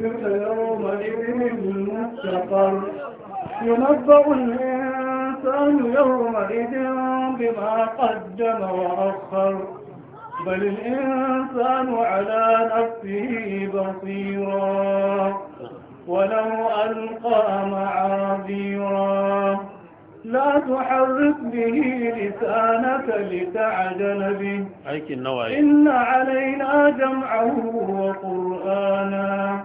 يومئذ ينبأ الإنسان يومئذ بما قدم وأخر بل الإنسان على نفسه بصيرا ولو ألقى معاذيرا لا تحرك به لسانك لتعجل به إن علينا جمعه وقرآنا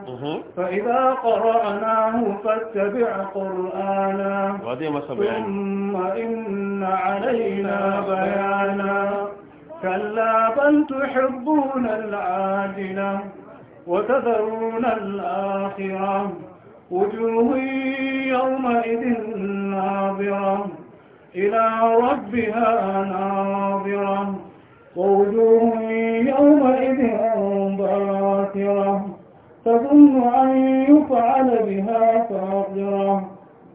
فإذا قرأناه فاتبع قرآنا ثم إن علينا بيانا كلا بل تحبون العاجلة وتذرون الآخرة وجوه يومئذ ناظرة إلى ربها ناظرة ووجوه يومئذ باكرة تظن أن يفعل بها فاقرة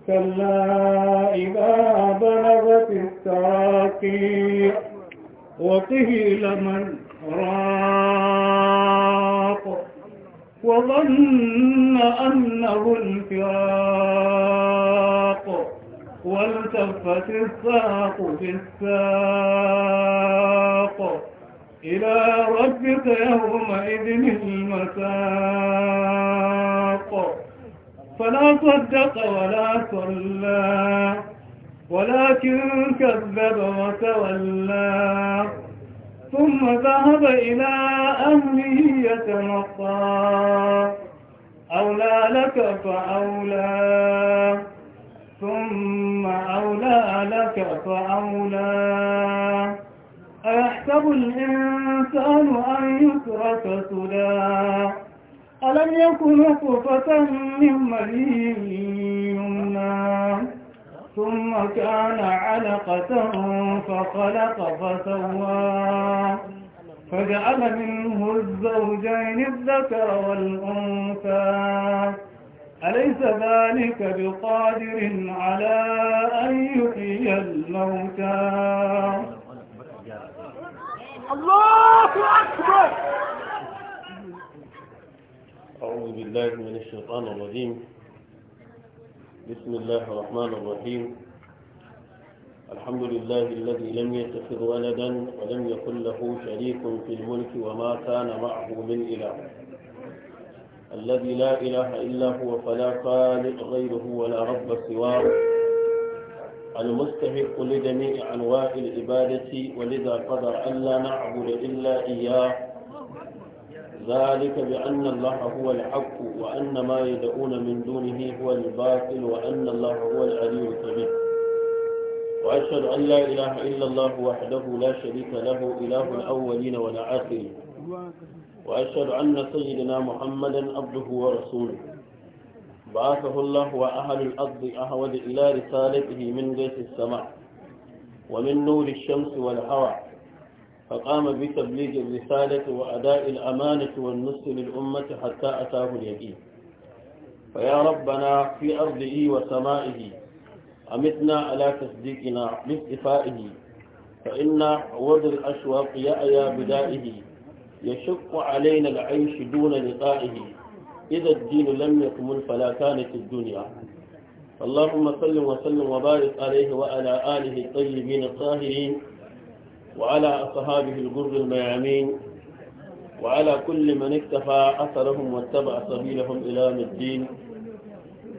كلا إذا بلغت التراقي وقيل من راك وظن أنه الفراق والتفت الساق في الساق إلى ربك يومئذ المساق فلا صدق ولا صلى ولكن كذب وتولى ثم ذهب إلى أهله يتمطى أولى لك فأولى ثم أولى لك فأولى أيحسب الإنسان أن يترك سدى ألم يكن نطفة من مليم يمنى ثم كان علقة فخلق فسوى فجعل منه الزوجين الذكر والأنثى أليس ذلك بقادر على أن يحيي الموتى الله أكبر أعوذ بالله من الشيطان الرجيم بسم الله الرحمن الرحيم الحمد لله الذي لم يتخذ ولدا ولم يكن له شريك في الملك وما كان معه من إله الذي لا إله إلا هو فلا خالق غيره ولا رب سواه المستحق لجميع أنواع العبادة ولذا قدر أن لا نعبد إلا إياه ذلك بأن الله هو الحق وأن ما يدعون من دونه هو الباطل وأن الله هو العلي الكبير وأشهد أن لا إله إلا الله وحده لا شريك له إله الأولين والآخرين وأشهد أن سيدنا محمدا عبده ورسوله بعثه الله وأهل الأرض أهود إلى رسالته من بيت السماء ومن نور الشمس والهواء فقام بتبليغ الرسالة وأداء الأمانة والنصر للأمة حتى أتاه اليقين فيا ربنا في أرضه وسمائه أمتنا على تصديقنا باستفائه فإن عود الأشواق يأيا بدائه يشق علينا العيش دون لقائه إذا الدين لم يكمل فلا كانت الدنيا اللهم صل وسلم وبارك عليه وعلى آله الطيبين الطاهرين وعلى أصحابه الغر الميامين وعلى كل من اكتفى أثرهم واتبع سبيلهم إلى الدين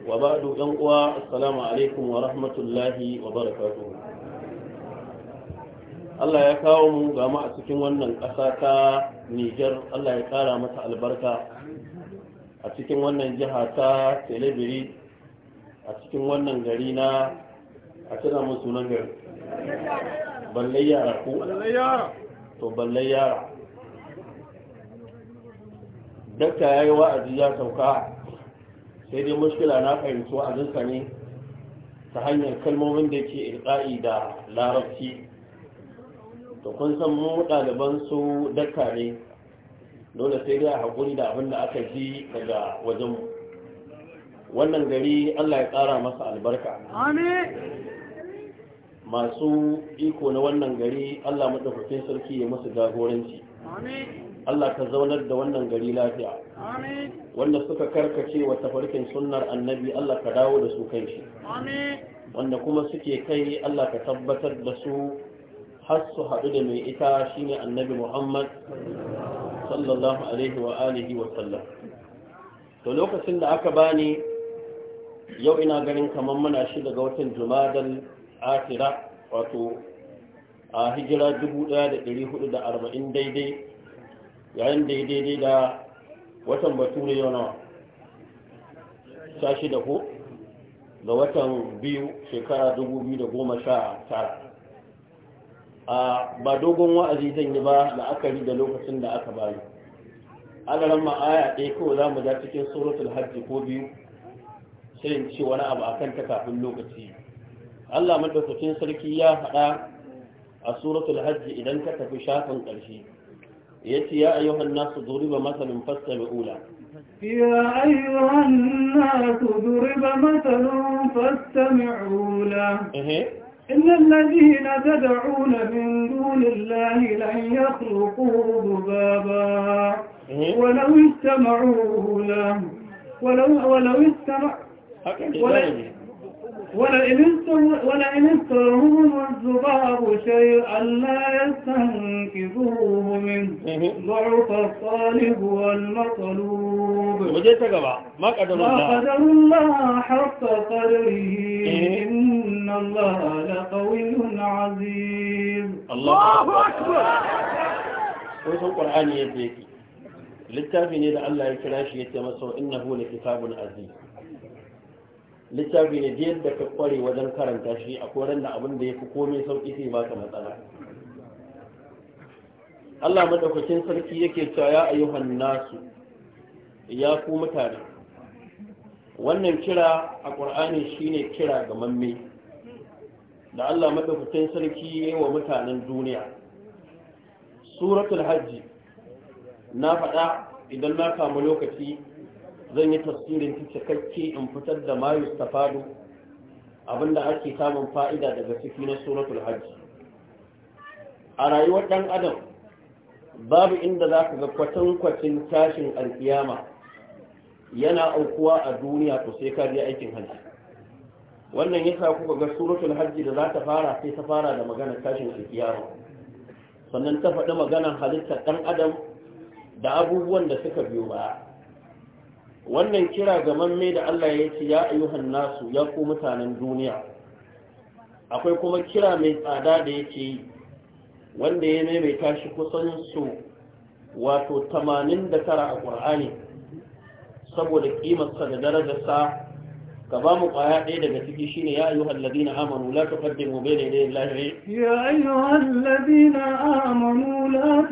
وبعد أنقوى السلام عليكم ورحمة الله وبركاته Allah ya kawo mu ga a cikin wannan ƙasa ta Nijar Allah ya ƙara mata albarka a cikin wannan jiha ta Telebiri a cikin wannan gari na a tana sunan gari balle yara ko to balle yara dakta yayi wa'azi ya sauka sai dai mashkila na fahimci wa'azinsa ne ta hanyar kalmomin da ke irka'i da larabci to kun san mu ɗaliban su dakta ne dole sai dai a haƙuri da abin da aka ji daga wajenmu wannan gari allah ya ƙara masa albarka masu iko na wannan gari Allah madaukakin sarki ya masu jagoranci Allah ka zaunar da wannan gari lafiya wanda suka karkace wa tafarkin sunnar annabi Allah ka dawo da su kai shi wanda kuma suke kai Allah ka tabbatar da su har su haɗu da mai ita shine annabi Muhammad sallallahu alaihi wa alihi wa sallam to lokacin da aka bani yau ina ganin kamar muna shi daga watan jumadal akira wato a hijira 1440 daidai yayin daidai daidai da watan bature yau nawa sashi da ko ga watan biyu shekara 2019 a ba dogon wa'azi zan yi ba la'akari da lokacin da aka bayu. agaran ma'aya ɗaya kawai za mu ja cikin tsoron hajji ko biyu sai in ce wani abu a kanta kafin lokaci Allah madaukakin sarki ya faɗa a suratul hajj idan ka tafi shafin ƙarshe yace ya ayyuhan nasu duriba masalun ula. ya ayyuhan nasu duriba masalun fastami'ula eh إن الذين تدعون من دون الله لن يخلقوا ذبابا ولو استمعوا له ولو ولو استمعوا ولئن استرهم الذباب شيئا لا يستنكفوه منه ضعف الطالب والمطلوب ما قدر الله حق قدره إن الله لقوي عزيز الله أكبر ويسو القرآن يا littafi للتافهين da Allah ya انه لكتاب عزيز littafi ne da yadda ka kware wajen karanta shi a koren da abin da ya fi komai sauƙi sai baka matsala Allah madaukakin sarki yake cewa ya ayyuhan nasu ya ku mutane wannan kira a ƙur'ani shine kira ga mamme da Allah madaukakin sarki yayi wa mutanen duniya suratul hajji na faɗa idan na samu lokaci zan yi tafsirin ta cikakke in fitar da ma yustafadu abinda ake samun fa'ida daga cikin na suratul hajji a rayuwar ɗan adam babu inda za ka ga kwatankwacin tashin alkiyama yana aukuwa a duniya to sai ka je aikin hajji wannan yasa kuka ga suratul hajji da za ta fara sai ta fara da magana tashin alkiyama sannan ta faɗi maganar halittar ɗan adam da abubuwan da suka biyo baya wannan kira ga mamme da Allah ya ce ya ayyuhan nasu ya ku mutanen duniya akwai kuma kira mai tsada da yake wanda ya maimaita shi kusan su wato 89 a ƙur'ani saboda ƙimarsa da darajarsa ka ba mu kwaya ɗaya daga ciki shine ya ayyuhal ladina amanu la mu bai daidai lahiri. ya ayyuhal ladina amanu la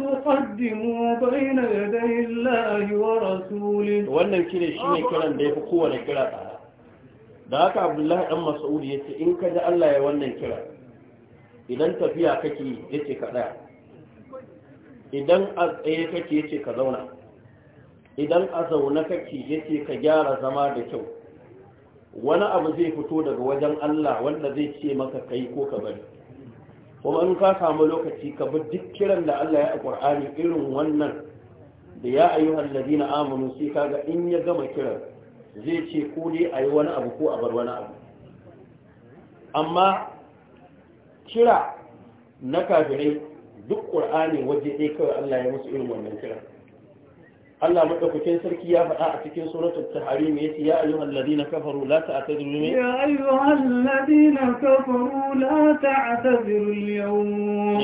bai na daidai Allahi wa rasuli wannan kire ne kiran da ya fi kowane kira da haka Abdullahi dan ya ce in ka ji Allah ya wannan kira idan tafiya kake yace ka ɗaya. idan a tsaye kake yace ka zauna idan a zauna kake yace ka gyara zama da kyau wani abu zai fito daga wajen Allah wanda zai ce maka kai ko ka bari kuma in ka samu lokaci ka bi duk kiran da Allah ya a Qur'ani irin wannan da ya ayyuhal ladina amanu sai kaga in ya gama kira zai ce ko dai ayi wani abu ko a bar wani abu amma kira na kafirai duk ƙur'ani waje dai kawai Allah ya musu irin wannan kira Allah madaukakin sarki ya faɗa a cikin suratul tahrim yace ya ayyuhal ladina kafaru la ta'tadiru ya ayyuhal ladina kafaru la ta'tadiru al-yawm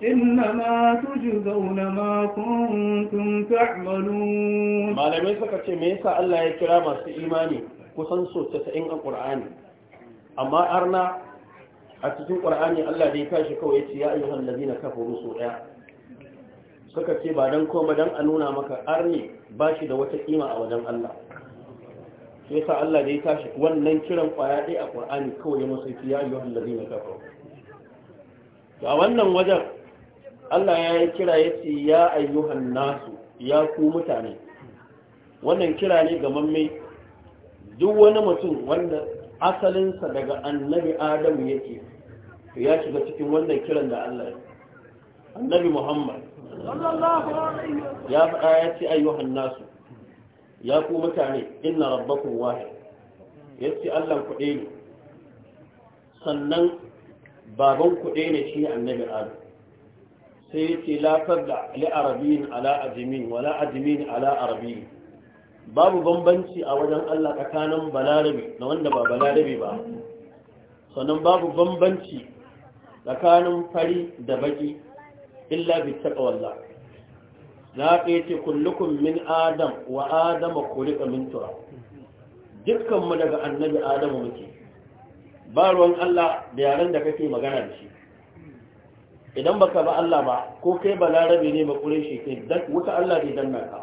innama tujzauna ma kuntum ta'malun malamai suka ce me yasa Allah ya kira masu imani kusan so 90 a Qur'ani amma arna a cikin Qur'ani Allah da ya kashi kawai yace ya ayyuhal ladina kafaru so daya suka ce ba don koma don a nuna maka arni ba shi da wata kima a wajen Allah shi sa Allah da ya tashi wannan kiran kwaya ɗaya a ƙwa'ani kawai ya masu ya yi wannan to a wannan wajen Allah ya yi kira ya ce ya ayyuhan nasu ya ku mutane wannan kira ne ga mamme duk wani mutum wanda asalinsa daga annabi Adamu yake ya shiga cikin wannan kiran da Allah ya annabi Muhammad ya faɗa ya ce ayyuhan nasu ya ku mutane inna rabbakum wahid ya ce Allah kuɗe ne sannan baban kuɗe ne shi annabi adam sai ya ce lafar da li'arabiyin ala ajimin wala ajimin ala arabiyin babu bambanci a wajen Allah tsakanin balarabe na wanda ba balarabe ba sannan babu bambanci tsakanin fari da baki illa bi taqwallah la qayti kullukum min adam wa adama khuliqa min turab dukkan mu daga annabi adamu muke ba ruwan Allah da yaran da kake magana da shi idan baka ba Allah ba ko kai balarabe ne ba kure shi kai dan wuta Allah bai danna ka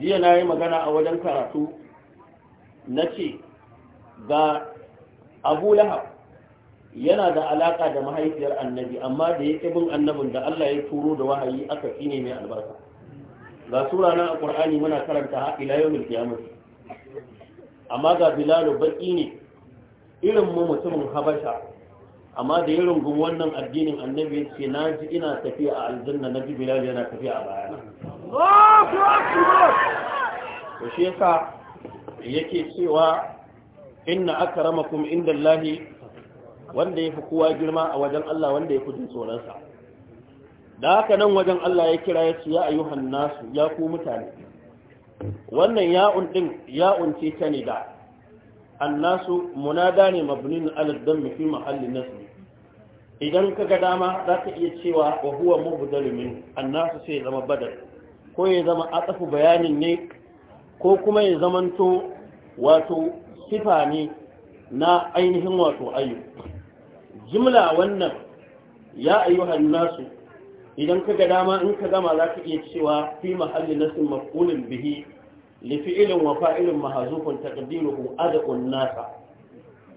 jiya na yi magana a wajen karatu na ce ga Abu Lahab yana da alaka da mahaifiyar annabi amma da yake bin annabin da Allah ya turo da wahayi aka ne mai albarka ga sura na Kur'ani muna karanta ha ila yawmil amma ga bilal baki ne irin mu mutumin habasha amma da ya rungun wannan addinin annabi ce na ji ina tafiya a aljanna na ji bilal yana tafiya a bayana to shi yasa yake cewa inna akramakum indallahi wanda ya fi kowa girma a wajen Allah wanda ya fi jin tsoronsa da haka nan wajen Allah ya kira ya ce ya ayyuhan nasu ya ku mutane wannan ya'un ɗin ya'un ce ta ne da annasu munada ne mabinin aladdan mafi mahallin nasu idan ka ga dama za ka iya cewa wa huwa da rumin, annasu sai zama badar, ko ya zama a tsafi bayanin ne ko kuma ya zamanto wato sifa ne na ainihin wato ayyuka jimla wannan ya ayyuhan nasu idan ka ga dama in ka gama za ka iya cewa fi mahalli nasin maf'ulin bihi li fi'ilin wa fa'ilin mahzufun taqdiruhu ad'un nasa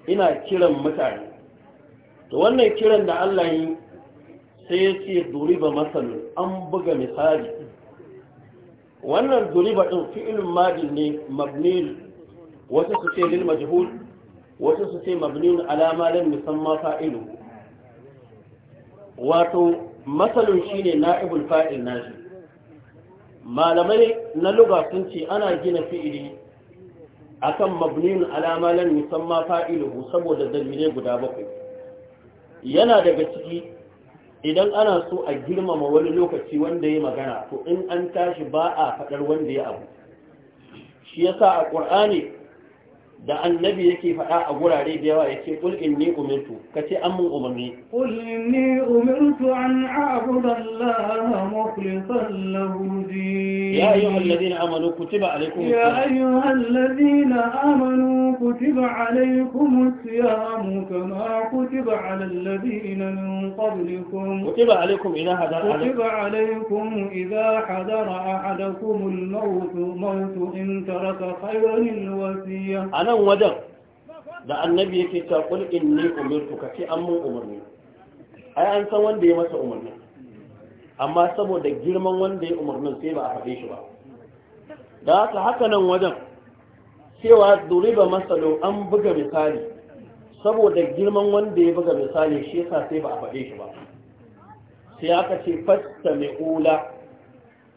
ina kiran mutane to wannan kiran da Allah yi sai ya ce duriba masalu an buga misali wannan duriba din fi'ilin madi ne mabni wasu su ce lil majhul wasu su ce mabnin alama don musamman fa'ilu wato shi shine na'ibul fa'il nashi malamai na luga sun ce ana gina fi'ili akan mabnin alama lam musamman fa’ilu saboda dalilai guda bakwai yana daga ciki idan ana so a girmama wani lokaci wanda ya magana to in an tashi ba a faɗar wanda ya abu shi yasa a ƙur'ani da annabi yake faɗa a gurare da yawa yake kul inni umirtu kace an mun umarni kul inni umirtu an a'budu allaha mukhlishan lahu din ya ayyuhal ladina amanu kutiba alaykum ya ayyuhal ladina amanu kutiba alaykum as-siyam kama kutiba alal ladina min qablikum kutiba alaykum idha hadara kutiba alaykum idha hadara ahadakum al-maut maut in taraka khayran al-wasiyah nan wajen da annabi yake ta kul inni umirtu ka ce an mun umarni ai an san wanda ya masa umarni amma saboda girman wanda ya umarnin sai ba a faɗe shi ba da haka haka nan wajen cewa duriba masalo an buga misali saboda girman wanda ya buga misali shi yasa sai ba a faɗe shi ba sai aka ce fasta mai ula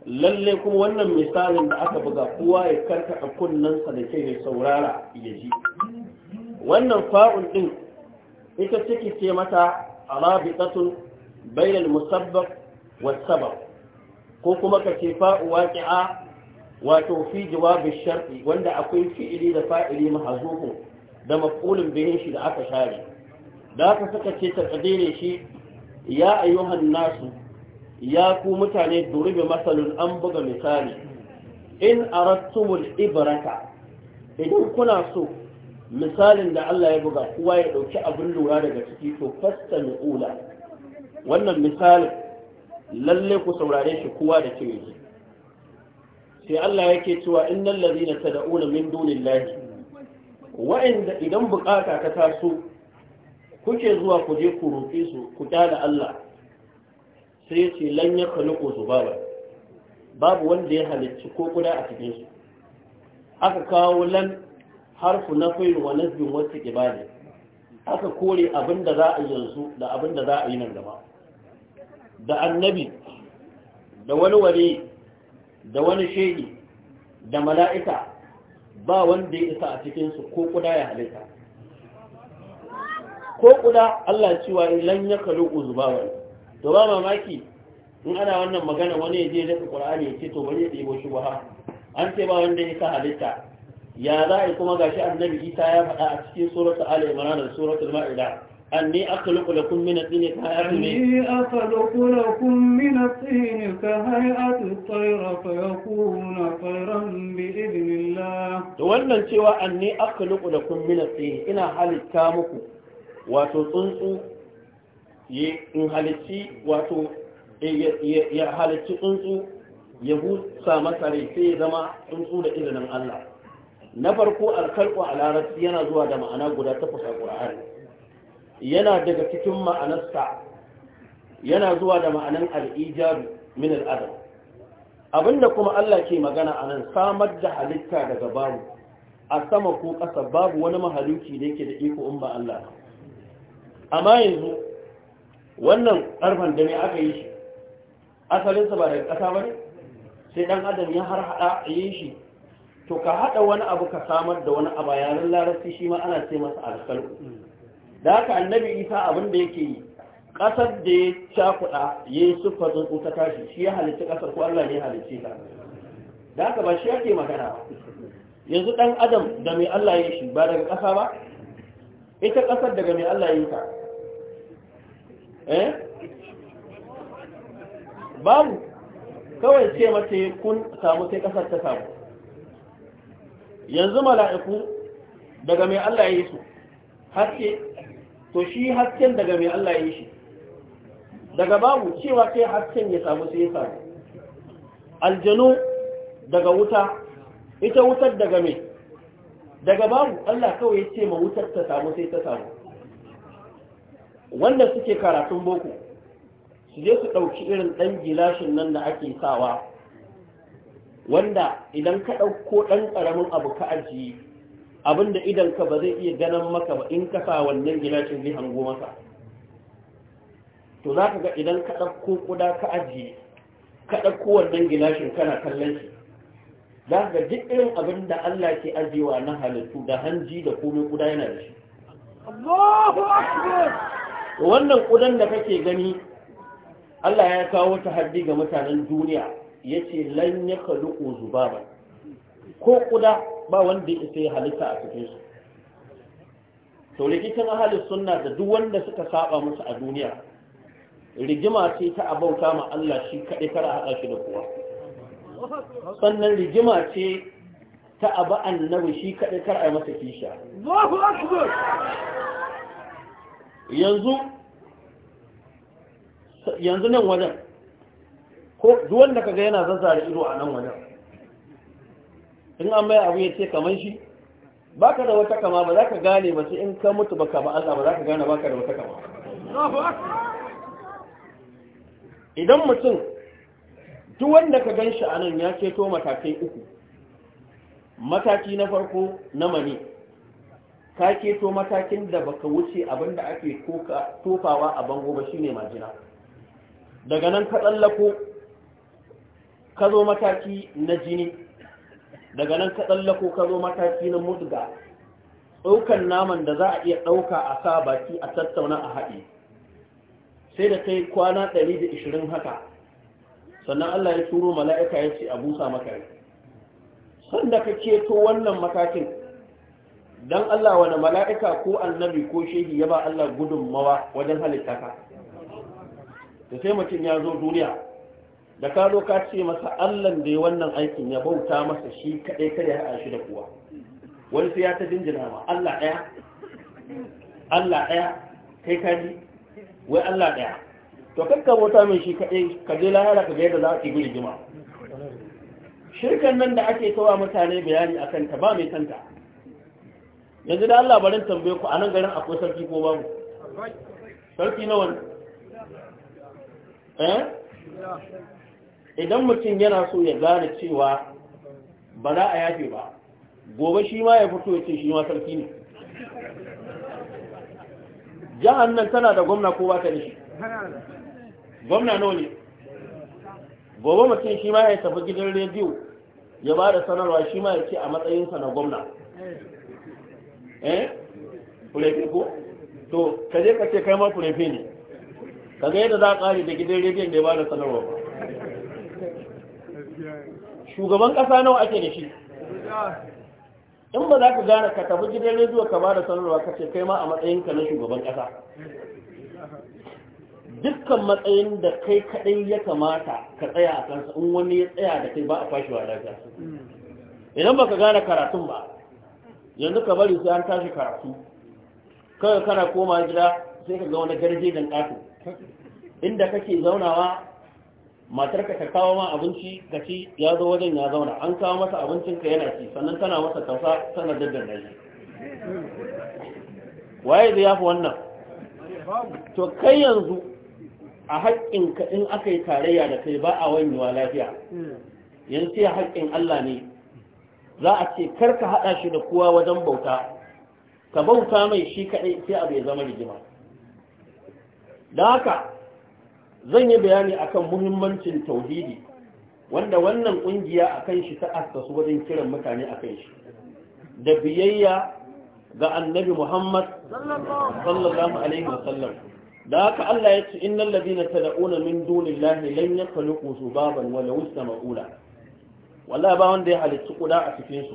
lalle kuma wannan misalin da aka buga kowa ya karkata kunnansa da ke ya saurara ya ji wannan fa'un ɗin ita ciki ce mata arabitatun bainal musabbab was ko kuma ka ce fa'u a wato fi jawabi shar'i wanda akwai fi'ili da fa'ili mahzufu da mafulin bihi shi da aka share da aka saka ce taqdiri shi ya ayyuhan nasu ya ku mutane durube masalun an buga misali in arattumul ibaraka idan kuna so misalin da Allah ya buga kowa ya ɗauki abin lura daga ciki to fasta ula wannan misalin lalle ku saurare shi kowa da ke sai Allah yake cewa innal ladina tad'una min dunillahi wa'inda idan bukata ka taso kuke zuwa ku je ku roƙe su ku tada Allah sai ya ce lan ya kaluko su bala babu wanda ya halicci ko kuda a cikin su aka kawo lan harfu na fayil wa nasbin wasu ibadi aka kore abin da za a yi yanzu da abin da za a yi nan gaba da annabi da wani wale da wani shehi da mala'ika ba wanda ya isa a cikinsu ko kuda ya halitta ko kuda Allah cewa lan ya kalu uzubawan to ba mamaki in ana wannan magana wani ya je daga qur'ani ya ce to bari ya ɗebo shi ba an ce ba wanda ya ka halitta ya za a yi kuma gashi annabi isa ya faɗa a cikin suratul ali imran da suratul ma'ida أني أخلق لكم من الطين كهيئة أني أخلق لكم من الطين كهيئة الطير فيكون طيرا بإذن الله تولى سوى أني أخلق لكم من الطين إلى حال wato tsuntsu. ya halicci tsuntsu ya busa masa rai sai ya zama tsuntsu da izinin Allah na farko alkalku a larabci yana zuwa da ma'ana guda ta fusa ƙura'ari. yana daga cikin ma'anarsa yana zuwa da ma'anan al'ijaru min al'adam da kuma Allah ke magana a nan samar da halitta daga babu a sama ko ƙasa babu wani mahaluki da yake da iko in ba Allah amma yanzu wannan ƙarfen da ne aka yi shi asalinsa ba daga ƙasa ba ne sai ɗan adam ya har haɗa a yi shi to ka haɗa wani abu ka samar da wani abu yaren larabci shi ma ana ce masa alkalku da haka annabi isa abin da yake yi ƙasar da ya cakuɗa ya yi siffar tsuntsu ta tashi shi ya halicci ƙasar ko allah ne ya halicci ta da haka ba shi yake magana yanzu ɗan adam da mai allah ya shi ba daga ƙasa ba ita ƙasar daga mai allah ya yi ta eh babu kawai ce mace kun samu sai kasar ta samu yanzu mala'iku daga mai Allah ya yi su haske to shi hasken daga mai Allah ya yi shi daga babu cewa sai hasken ya samu sai ya samu aljanu daga wuta ita wutar daga mai daga babu Allah kawai ya ce ma wutar ta samu sai ta samu wanda suke karatun boko su je su ɗauki irin ɗan gilashin nan da ake sawa wanda idan ka ɗauko ɗan ƙaramin abu ka ajiye abinda idan ka ba zai iya ganin maka ba in ka sa wannan gilashin zai hango maka to za ka ga idan ka ɗauko kuda ka ajiye ka ɗauko wannan gilashin kana kallon shi za ka duk irin abin da Allah ke ajiyewa na halittu da hanji da komai kuda yana da shi Allahu Akbar wannan ƙudan da kake gani Allah ya kawo ta haddi ga mutanen duniya ya ce lan ya kaluku zubaba ko ƙuda ba wanda ya sai halitta a cikin su to rikicin ahalin sunna da duk wanda suka saba musu a duniya rigima ce ta abauta ma Allah shi kaɗai kar a haɗa shi da kowa sannan rigima ce ta abu annabi shi kaɗai kar a yi masa kisha yanzu nan wajen ko duwan da kaga yana zazzare ido a nan wajen in an mai abu ya ce kamar shi ba ka da wata kama ba za ka gane ba sai in ka mutu ba ka ba ba za ka gane ba ka da wata kama idan mutum duk wanda ka gan shi a nan ya ceto matakai uku mataki na farko na mani ka keto matakin da baka wuce abin da ake tofawa a bango ba shine majina daga nan ka tsallako ka zo mataki na jini daga nan ka tsallako ka zo mataki na mudga ɗaukan naman da za a iya ɗauka a sa baki a tattauna a haɗe sai da kai kwana 120 haka sannan Allah ya turo mala'ika ya ce a busa maka sanda ka keto wannan matakin dan Allah wani mala'ika ko annabi ko shehi ya ba Allah gudunmawa wajen halitta ka da sai mutum ya zo duniya da ka zo ka ce masa Allah da wannan aikin ya bauta masa shi kaɗai kada ya shi da kuwa wani sai ya ta jinjina ma Allah ɗaya Allah ɗaya kai ka ji wai Allah ɗaya to kakka bauta mai shi kaɗai ka je lahara ka ga yadda za a ɗibi rigima shirkan nan da ake kawa mutane bayani akan ta ba mai kanta yanzu da Allah barin tambaye ku a nan garin akwai sarki ko babu sarki nawa wani eh idan mutum yana so ya gane cewa ba za a yafe ba gobe shi ma ya fito ya ce shi ma sarki ne jihar nan tana da gwamna ko ba ta ne gwamna nawa ne gobe mutum shi ma ya tafi gidan rediyo ya ba da sanarwa shi ma ya ce a matsayinsa na gwamna eh ko to ka je ka ce kai ma ne ka ga za a ƙare da gidan rediyon da ya bada sanarwa ba shugaban ƙasa nawa ake da shi in ba za ka gane ka tafi gidan rediyo ka da sanarwa ka ce kai ma a matsayinka na shugaban ƙasa dukkan matsayin da kai kaɗai ya kamata ka tsaya a kansa in wani ya tsaya da kai ba a kwashewa lafiya idan ba ka gane karatun ba yanzu ka bari sai an tashi karatu kawai kana koma gida sai ka ga wani garje dan ɗato inda kake zaunawa matarka ka kawo ma abinci ka ci ya zo wajen ya zauna an kawo masa abincin ka yana ci sannan tana masa tausa tana da shi waye zai yafi wannan to kai yanzu a haƙƙin ka in aka yi tarayya da kai ba a wanyewa lafiya yanzu sai haƙƙin Allah ne za a ce karka haɗa shi da kowa wajen bauta ka bauta mai shi kaɗai sai abu ya zama rigima da haka zan yi bayani akan muhimmancin tauhidi wanda wannan ƙungiya a kan shi ta askasu wajen kiran mutane a kan shi da biyayya ga annabi muhammad sallallahu alaihi wasallam da haka Allah ya ce innal ladina tad'una min dunillahi lan yakhluqu subaban wa law sama'ula wallahi ba wanda ya halitta kuda a cikinsu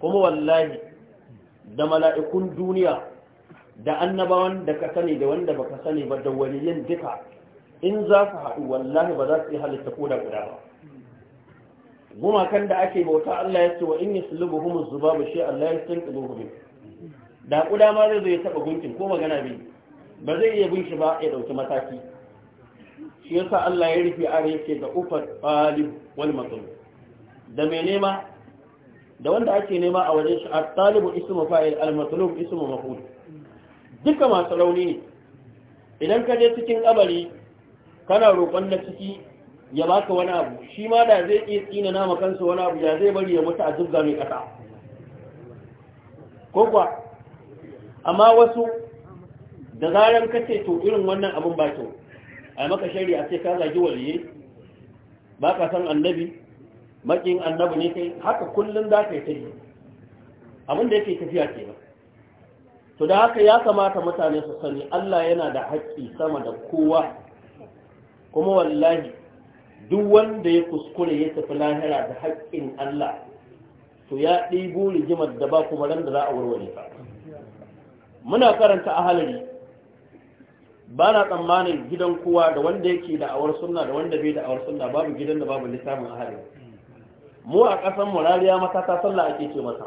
kuma wallahi da mala'ikun duniya da annabawan da ka sani da wanda baka sani ba da waliyan duka in za su haɗu wallahi ba za su yi halitta kuda guda ba gumakan da ake bauta Allah ya ce wa in yaslubuhum zubabu shi Allah ya sanqibuhu bi da kuda ma zai zo ya gunkin ko magana bi? ba zai iya bin shi ba ya ɗauki mataki shi yasa Allah ya rufe are yake ga ufat qalib wal da mai nema da wanda ake nema a wajen shi a talibu ismu fa'il al-matlub ismu duka masu rauni ne idan ka je cikin kabari kana roƙon na ciki ya baka wani abu shi ma da zai iya tsina nama kansa wani abu ya zai bari ya mutu a zubga mai ƙasa ko amma wasu da zarar ka ce to irin wannan abin ba to a maka shari'a sai ka zagi waliye ba ka san annabi makin annabi ne kai haka kullum za ka yi ta yi abin da yake tafiya ke ba to da haka ya kamata mutane su sani Allah yana da haƙƙi sama da kowa kuma wallahi duk wanda ya kuskure ya tafi lahira da haƙƙin Allah to ya buri rigimar da ba kuma ran da za a warware ba muna karanta a halari ba na tsammanin gidan kowa da wanda yake da awar sunna da wanda bai da awar sunna babu gidan da babu lissafin a mu a ƙasan murariya matata sallah ake ce masa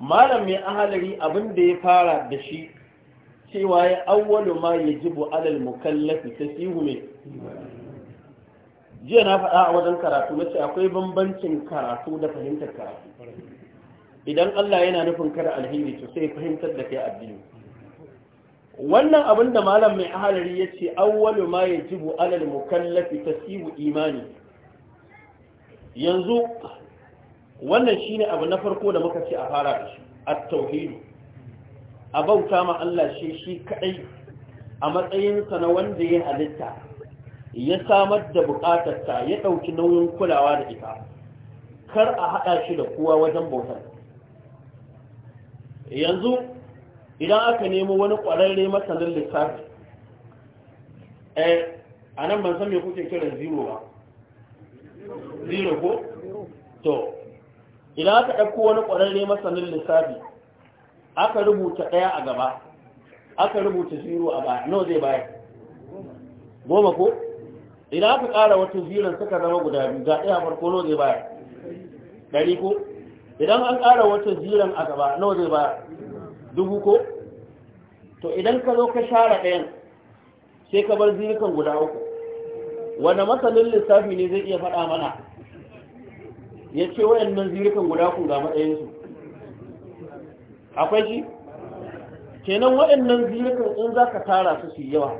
malam mai ahalari abin da ya fara da shi cewa ya awwalu ma yajibu alal mukallafi sihu ne jiya na faɗa a wajen karatu na ce akwai bambancin karatu da fahimtar karatu idan Allah yana nufin kada alheri to sai fahimtar da kai addini wannan abin da malam mai ahalari ya ce awwalu ma ya yajibu alal mukallafi sihu imani yanzu wannan shine abu na farko da muka ce a fara da shi a Tauhidu. a bauta ma Allah shi shi kaɗai, a matsayinsa na wanda ya halitta ya samar da bukatarsa ya ɗauki nauyin kulawa da ita kar a haɗa shi da kowa wajen bautar yanzu idan aka nemo wani ƙwararre masanin lissafi eh, a nan ban san me kuke kiran zero ba zero ko to idan aka ɗauko wani ƙwararre masanin lissafi aka rubuta ɗaya a gaba aka rubuta zero a baya nawa zai bayar goma ko idan aka ƙara wata zero suka zama guda biyu ga ɗaya farko nawa zai bayar ɗari ko idan an ƙara wata zero a gaba nawa zai bayar dubu ko to idan ka zo ka share ɗayan sai ka bar zirkan guda uku wanda masanin lissafi ne zai iya faɗa mana ya ce nan zirikan guda ku ga matsayinsu akwai shi kenan nan zirikan in za ka tara su su yawa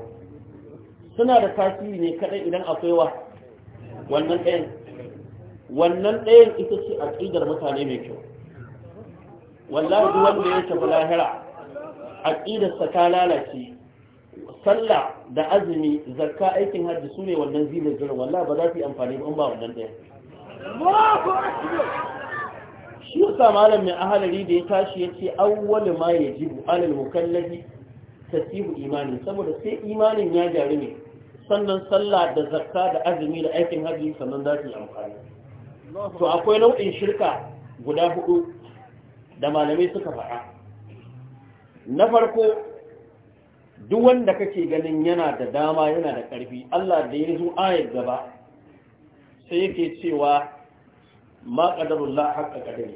suna da tasiri ne kaɗai idan akwai wa wannan ɗayan wannan ɗayan ita ce aƙidar mutane mai kyau wallahi duk wanda ya tafi lahira aƙidarsa ta lalace sallah da azumi zakka aikin hajji su ne wannan zinin jiran wallah ba za su yi amfani ba ba wannan ɗaya shi yasa malam mai ahalari da ya tashi ya ce awwal ma yajibu alal mukallafi tasihu imani saboda sai imanin ya jaru ne sannan sallah da zakka da azumi da aikin hajji sannan za su yi amfani to akwai nau'in shirka guda hudu da malamai suka faɗa na farko duk wanda kake ganin yana da dama yana da ƙarfi Allah da ya zo ayar gaba sai yake cewa ma qadarullah haqqa qadari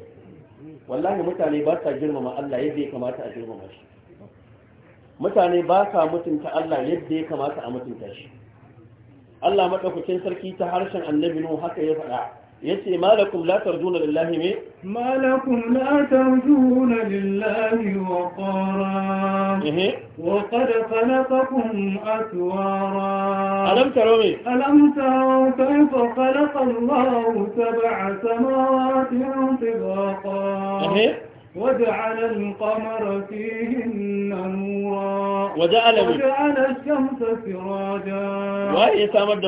wallahi mutane ba sa girmama Allah yadda ya kamata a girmama shi mutane ba sa mutunta Allah yadda ya kamata a mutunta shi Allah madaukakin sarki ta harshen annabi haka ya faɗa yace malakum la tarjuna lillahi me malakum latar juna lillahi wa qara eh wa qad khalaqakum atwara alam taraw me alam taraw kayfa khalaqa Allahu sab'a samawati tibaqa eh وجعل القمر فيهن نورا وجعل, وجعل الشمس سراجا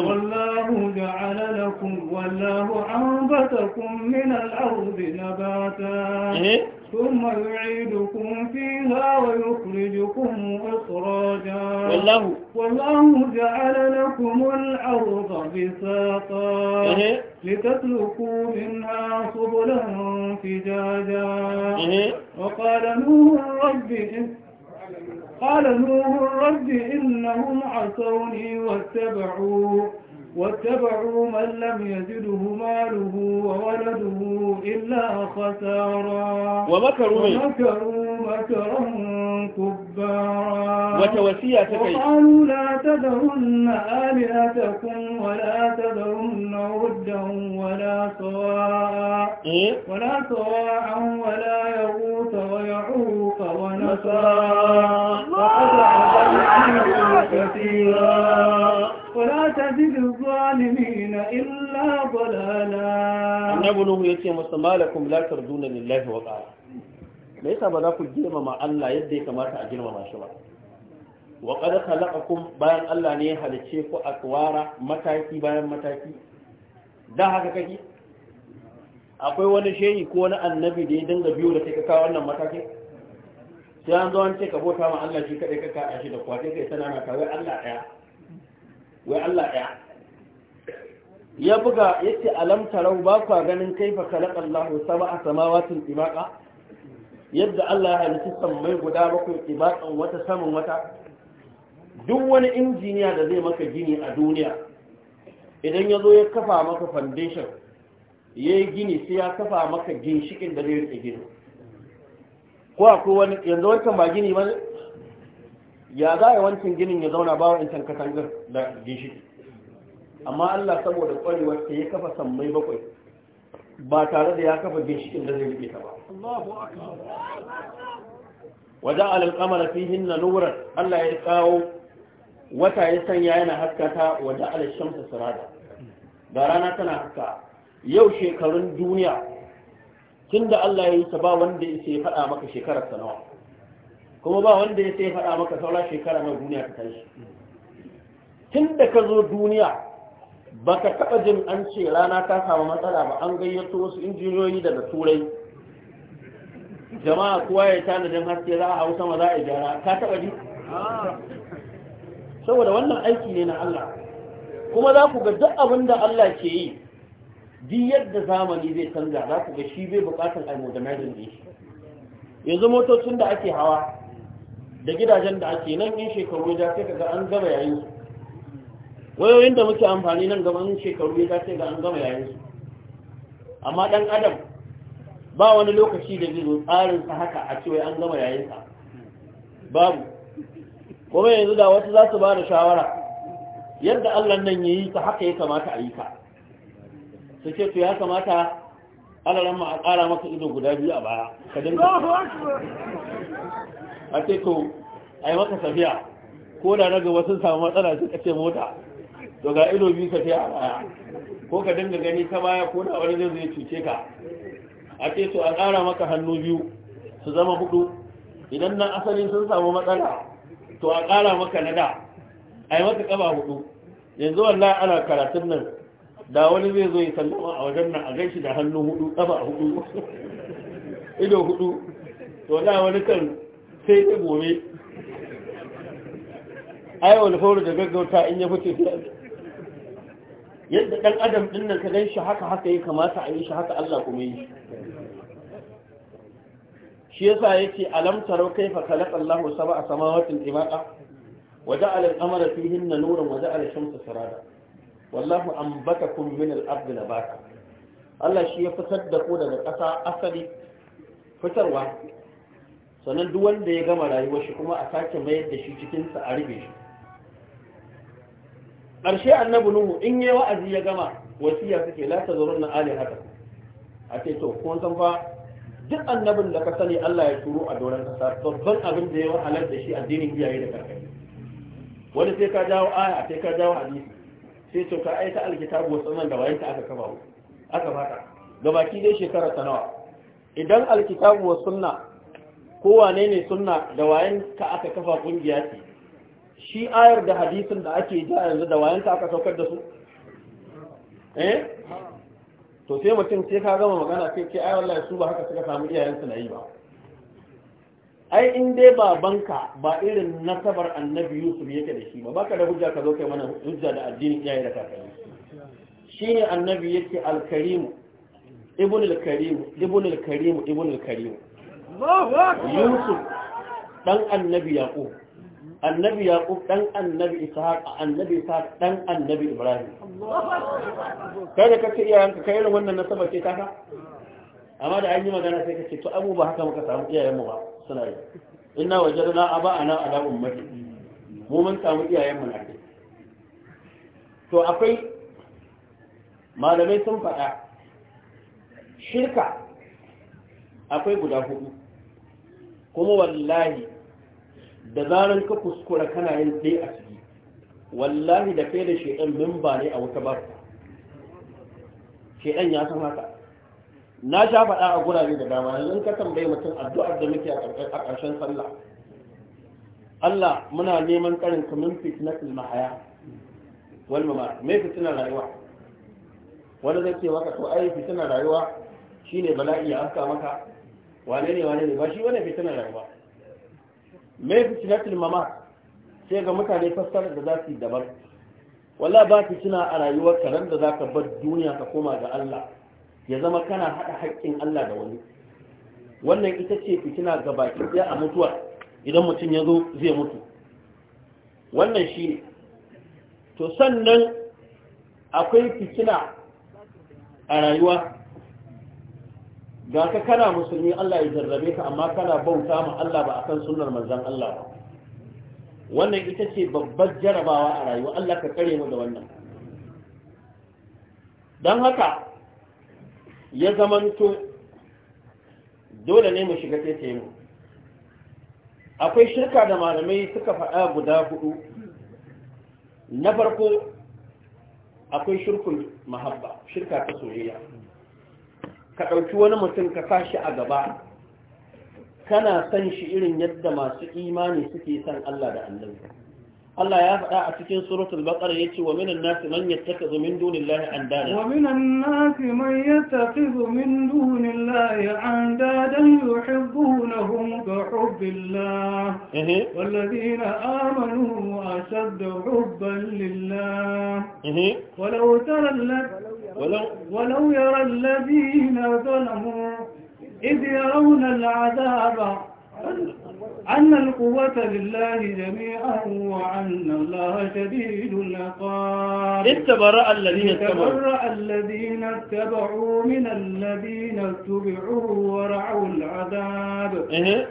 والله جعل لكم والله أنبتكم من الأرض نباتا ثم يعيدكم فيها ويخرجكم إخراجا والله والله جعل لكم الأرض بساطا إيه. لتسلكوا منها سبلا فجاجا إيه. وقال نوح رب قال نوح رب إنهم عصوني واتبعوا واتبعوا من لم يزده ماله وولده إلا خسارا ومكروا ومكروا مكرا كبارا وتوسيا تكي وقالوا لا تذرن آلهتكم ولا تذرن ودا ولا سواء إيه؟ ولا سواء ولا يغوث ويعوق ونسرا وقد عظمتم كثيرا ولا تزد الظالمين إلا ضلالا النبي masa malakum la tarduna lillahi me ba za ku girmama Allah yadda ya kamata a girmama shi ba wa qad khalaqakum bayan Allah ne ya halice ku akwara mataki bayan mataki da haka kake akwai wani shehi ko wani annabi da ya dinga biyu da kai ka kawo wannan mataki? sai an zo an ce ka bota ma Allah shi kadai ka ka shi da kwace kai sanana kawai Allah daya wai Allah ɗaya ya buga yace alam tarau ba kwa ganin kaifa khalaqa Allahu sab'a samawatin tibaqa yadda Allah ya halitta mai guda bakwai tibaqan wata saman wata duk wani injiniya da zai maka gini a duniya idan ya zo ya kafa maka foundation ya yi gini sai ya kafa maka ginshikin da zai rike gini ko akwai wani yanzu wancan ba gini ba ya za a wancan ginin ya zauna ba kasan katangar da ginshiki amma Allah saboda kwarewar ta ya kafa sammai bakwai ba tare da ya kafa ginshikin da zai rike ta ba wajen alƙamara fihin na nurar Allah ya kawo wata ya sanya yana haskata wajen alishamsa sirada da rana tana haska yau shekarun duniya tun da Allah ya yi ta ba wanda ya faɗa maka shekararsa nawa? kuma ba wanda ya sai faɗa maka saura shekara na duniya ta tashi tun da ka zo duniya ba ka taɓa jin an ce rana ta samu matsala ba an gayyato wasu injiniyoyi daga turai jama'a kuwa ya tanadin haske za a hau sama za a gyara ka taɓa ji saboda wannan aiki ne na Allah kuma za ku ga duk abin da Allah ke yi duk yadda zamani zai canza za ku ga shi bai buƙatar modernizing ne yanzu motocin da ake hawa da gidajen da ake nan in shekaru ya sai ga an gama yayin su wayoyin da muke amfani nan gaban shekaru ya sai ga an gama yayin su amma dan adam ba wani lokaci da zai zo tsarin sa haka a cewa an gama yayin sa babu kuma yanzu da wasu za su ba da shawara yadda Allah nan ya yi ta haka ya kamata a yi ka su ce to ya kamata ran ma a ƙara maka ido guda biyu a baya ka dinga a ce to a yi maka tafiya ko da na gaba sun samu matsala ka ce mota to ga ido biyu fiya a baya ko ka dinga gani ta baya ko da wani zai cuce ka a ce to a ƙara maka hannu biyu su zama hudu idan na asalin sun samu matsala to a ƙara maka na da a yi maka ƙaba hudu yanzu wallahi ana karatun nan da wani zai zo ya sallama a wajen nan a gaishe da hannu hudu ƙaba hudu ido hudu to da wani kan sai ta gobe ai wani fauru da gaggauta in ya fice yadda ɗan adam ɗin nan ka gan shi haka haka ya kamata a yi shi haka Allah kuma yi shi yasa yake alam tarau kaifa khalaqa Allahu sab'a samawatin timaqa wa ja'ala al-qamara fihinna nuran wa ja'ala ash-shamsa wallahu anbatakum min al Allah shi ya fitar da ku daga ƙasa asali fitarwa sannan duk wanda ya gama rayuwar shi kuma a sake mayar da shi cikin sa a rube shi ƙarshe annabi nuhu in yayi wa'azi ya gama wasiya take la ali haka. a ce to kun san fa duk annabin da ka sani Allah ya turo a doron kasa babban abin da ya wahalar da shi addinin iyaye da karkai wani sai ka jawo aya sai ka jawo hadisi sai to ka aika alkitabu wasu nan da wayanta aka kafa aka fata gabaki dai shekara ta nawa idan alkitabu wa sunna kowane ne suna da wayan ka aka kafa kungiya ce shi ayar da hadisin da ake ja yanzu da wayan ka aka saukar da su eh to sai mutum sai ka gama magana sai ke ai wallahi su ba haka suka samu iyayen su na yi ba ai in dai babanka ba irin nasabar annabi Yusuf yake da shi ba baka da hujja ka zo kai mana hujja da addinin iyaye da kakanni shine annabi yake alkarimu ibn al-karim ibnul al-karim karim yusuf ɗan annabi yaqub annabi yaqub ɗan annabi ishaq annabi ishaq ɗan annabi ibrahim kai da kace iyayenka kai irin wannan na saba ce kaka amma da an yi magana sai kace to abubuwa ba haka muka samu iyayenmu ba suna yi Ina wajen na, inna wajadna aba'ana ala ummati mu mun samu iyayenmu na ke. to akwai malamai sun faɗa shirka akwai guda hudu kuma wallahi da zarar ka kuskura kana yin ɗaya a ciki wallahi da kai da shaidan mimba ne a wata ba shaɗan ya san haka na sha faɗa a gurare da dama yanzu ka tambaye mutum addu'ar da muke a ƙarshen sallah Allah muna neman karin kamin fitnatul mahaya wal mamat me fitnar rayuwa wanda zai ce maka to ai fitnar rayuwa shine bala'i ya haska maka wane ne wane ne ba shi wane fitinar ba mai fitinatul mama sai ga mutane fassara da za su yi dabar walla ba fitina a rayuwar karen da za ka bar duniya ka koma ga Allah ya zama kana haɗa haƙƙin Allah da wani wannan ita ce fitina ga baki ɗaya a mutuwa idan mutum ya zo zai mutu wannan shi ne to sannan akwai fitina a rayuwa ga kana musulmi Allah ya jarrabe ka amma kana bauta ma Allah ba akan sunnar manzon Allah ba wannan ita ce babbar jarabawa a rayuwa Allah ka kare mu da wannan don haka ya zamanto dole ne mu shiga tete mu akwai shirka da malamai suka faɗa guda hudu na farko akwai shirkun mahabba shirka ta soyayya ka ɗauki wani mutum ka sa shi a gaba kana san shi irin yadda masu imani suke san Allah da annabi Allah ya faɗa a cikin suratul baqara yace wa minan nasi man yattakhidhu min dunillahi andada wa minan nasi man yattakhidhu min dunillahi andadan yuhibbunahum ka hubbillah walladhina amanu ashaddu hubban lillah walau tara ولو, ولو يرى الذين ظلموا إذ يرون العذاب أن القوة لله جميعا وأن الله شديد العقاب اتبرأ الذين اتبعوا اتبرأ الذين اتبعوا من الذين اتبعوا ورعوا العذاب اه.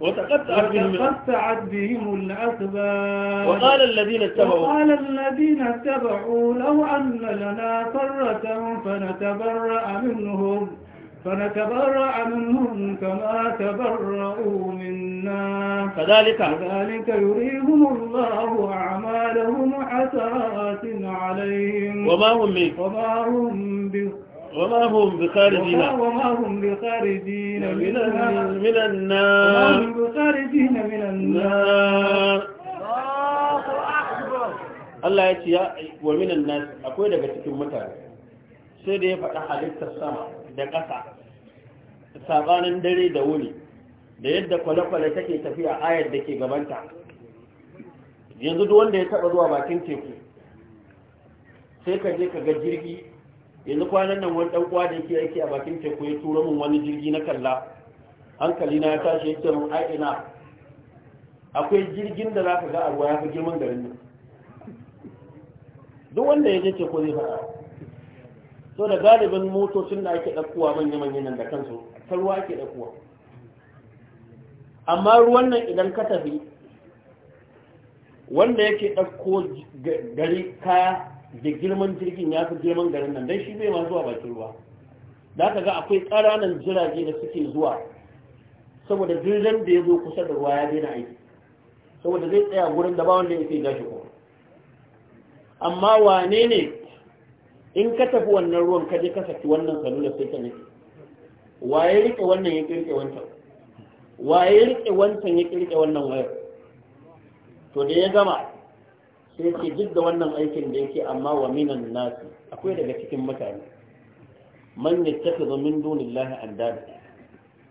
وتقطعت بهم وتقطعت بهم الأسباب وقال الذين اتبعوا وقال الذين اتبعوا لو أن لنا كرة فنتبرأ منهم فنتبرأ منهم كما تبرأوا منا كذلك كذلك يريهم الله أعمالهم حسرات عليهم وما هم وما هم به وما هم بخارجين وما هم بخارجين من من النار وما هم بخارجين من النار Allah ya ce ya wa minan nan akwai daga cikin mutane sai da ya faɗa halittar sama da ƙasa sabanin dare da wuri, da yadda kwale-kwale take tafiya ayar da ke gabanta yanzu duk wanda ya taɓa zuwa bakin teku sai ka je ka ga jirgi yanzu kwanan nan wani ɗan'uwa da yake aiki a bakin teku ya tura min wani jirgi na kalla hankali na ya tashi ya mun min a'ina akwai jirgin da za ka ga a ruwa ya fi girman garin nan duk wanda ya je teku zai faɗa so da galibin motocin da ake ɗaukowa manya-manyan nan da kansu ta ruwa ake ɗaukowa amma ruwan nan idan ka tafi wanda yake ɗauko gari kaya da girman jirgin ya fi girman garin nan don shi bai ma zuwa bakin ruwa da ka ga akwai ƙananan jirage da suke zuwa saboda jirgin da ya zo kusa da ruwa ya daina aiki saboda zai tsaya gurin da ba wanda ya fi gashi ko amma wane ne in ka tafi wannan ruwan ka je ka saki wannan da sai ka nufi waye rike wannan ya kirke wancan waye rike wancan ya kirke wannan wayar to da ya gama sai ce duk da wannan aikin da yake amma wa minan nasi akwai daga cikin mutane man yattakhidhu min dunillahi andada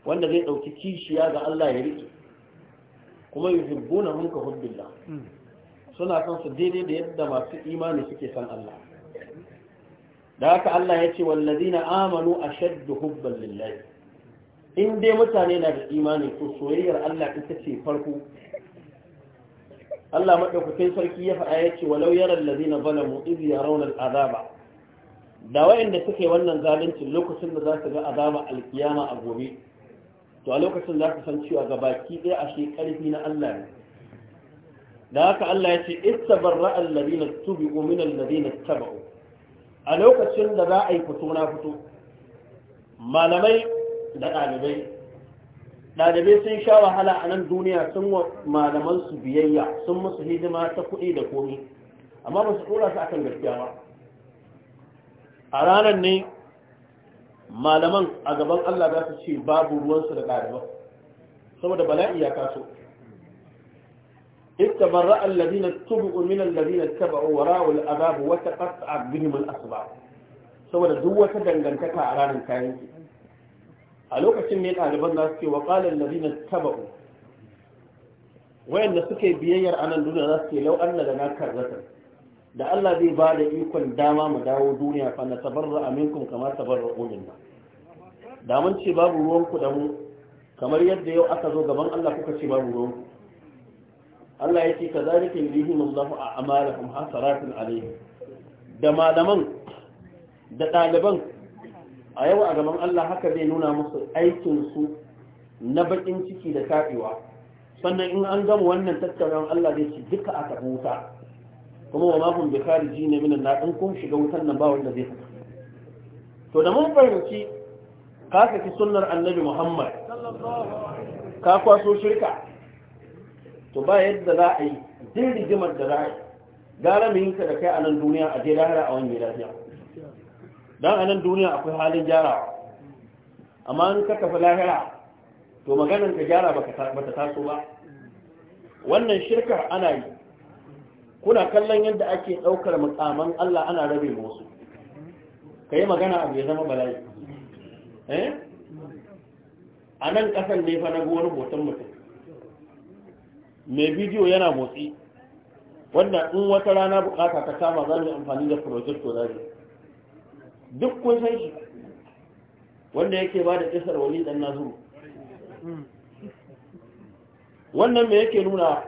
wanda zai dauki kishiya ga Allah ya rike kuma yuhibbuna hum ka hubbillah suna son su daidai da yadda masu imani suke san Allah da haka Allah ya ce wallazina amanu ashaddu hubban lillahi in dai mutane na da imani to soyayyar Allah ita ce farko Allah madaukakin sarki ya faɗa yace walau yaral Bala zalamu iz yarawna azaba. da wayanda suke wannan zaluncin lokacin da za su ga azaba alkiyama a gobe to a lokacin za su san cewa ga baki ɗaya ashe ƙarfi na Allah ne da haka Allah ya ce istabarra alladina tubi'u min alladina tabau a lokacin da za a yi fito na fito malamai da ɗalibai ɗalibai sun sha wahala a nan duniya sun wa malaman su biyayya sun musu hidima ta kuɗi da komi amma ba su ɗora su akan gaskiya ba a ranar ne malaman a gaban Allah za su ce babu ruwansu da ɗaliban saboda bala'i ya ban ittabarra allazina tubu min allazina tabu wa ra'ul azab wa taqatta'a bihim al asuba, saboda duk wata dangantaka a ranar kayan ki a lokacin ne ɗaliban za su ce wa ƙalar lalina taba'u wayanda suke biyayyar anan duniya za su ce lau Allah da na karzatar da Allah zai ba da ikon dama mu dawo duniya fa na tabarra aminkum kamar tabarra umin da mun ce babu ruwanku da mu kamar yadda yau aka zo gaban Allah kuka ce babu ruwanku Allah ya ce kazalika yurihim Allahu a'malahum hasaratin alaihi da malaman da ɗaliban a yau a gaban Allah haka zai nuna musu aikinsu na baƙin ciki da kaɗewa sannan in an gama wannan tattaunawa Allah zai ci duka a tafi wuta kuma wa mahun da kariji ne minan na ɗan kun shiga wutan nan ba wanda zai fita to da mun fahimci ka saki sunnar annabi muhammad ka kwaso shirka to ba yadda za a yi din rigimar da za a yi gara mu yinka da kai a nan duniya a je lahira a wani lafiya don anan duniya akwai halin gyarawa amma an ka tafi lahira to maganin ka gyara ba ta taso ba wannan shirkar ana yi kuna kallon yadda ake ɗaukar mukaman Allah ana rabe musu ka yi magana abu ya zama bala'i eh a nan ƙasar ne fa na ga wani hoton mutum mai bidiyo yana motsi wanda in wata rana bukata ta kama za mu amfani da projector zari duk kun san shi wanda yake ba da kisar wani dan nasu wannan me yake nuna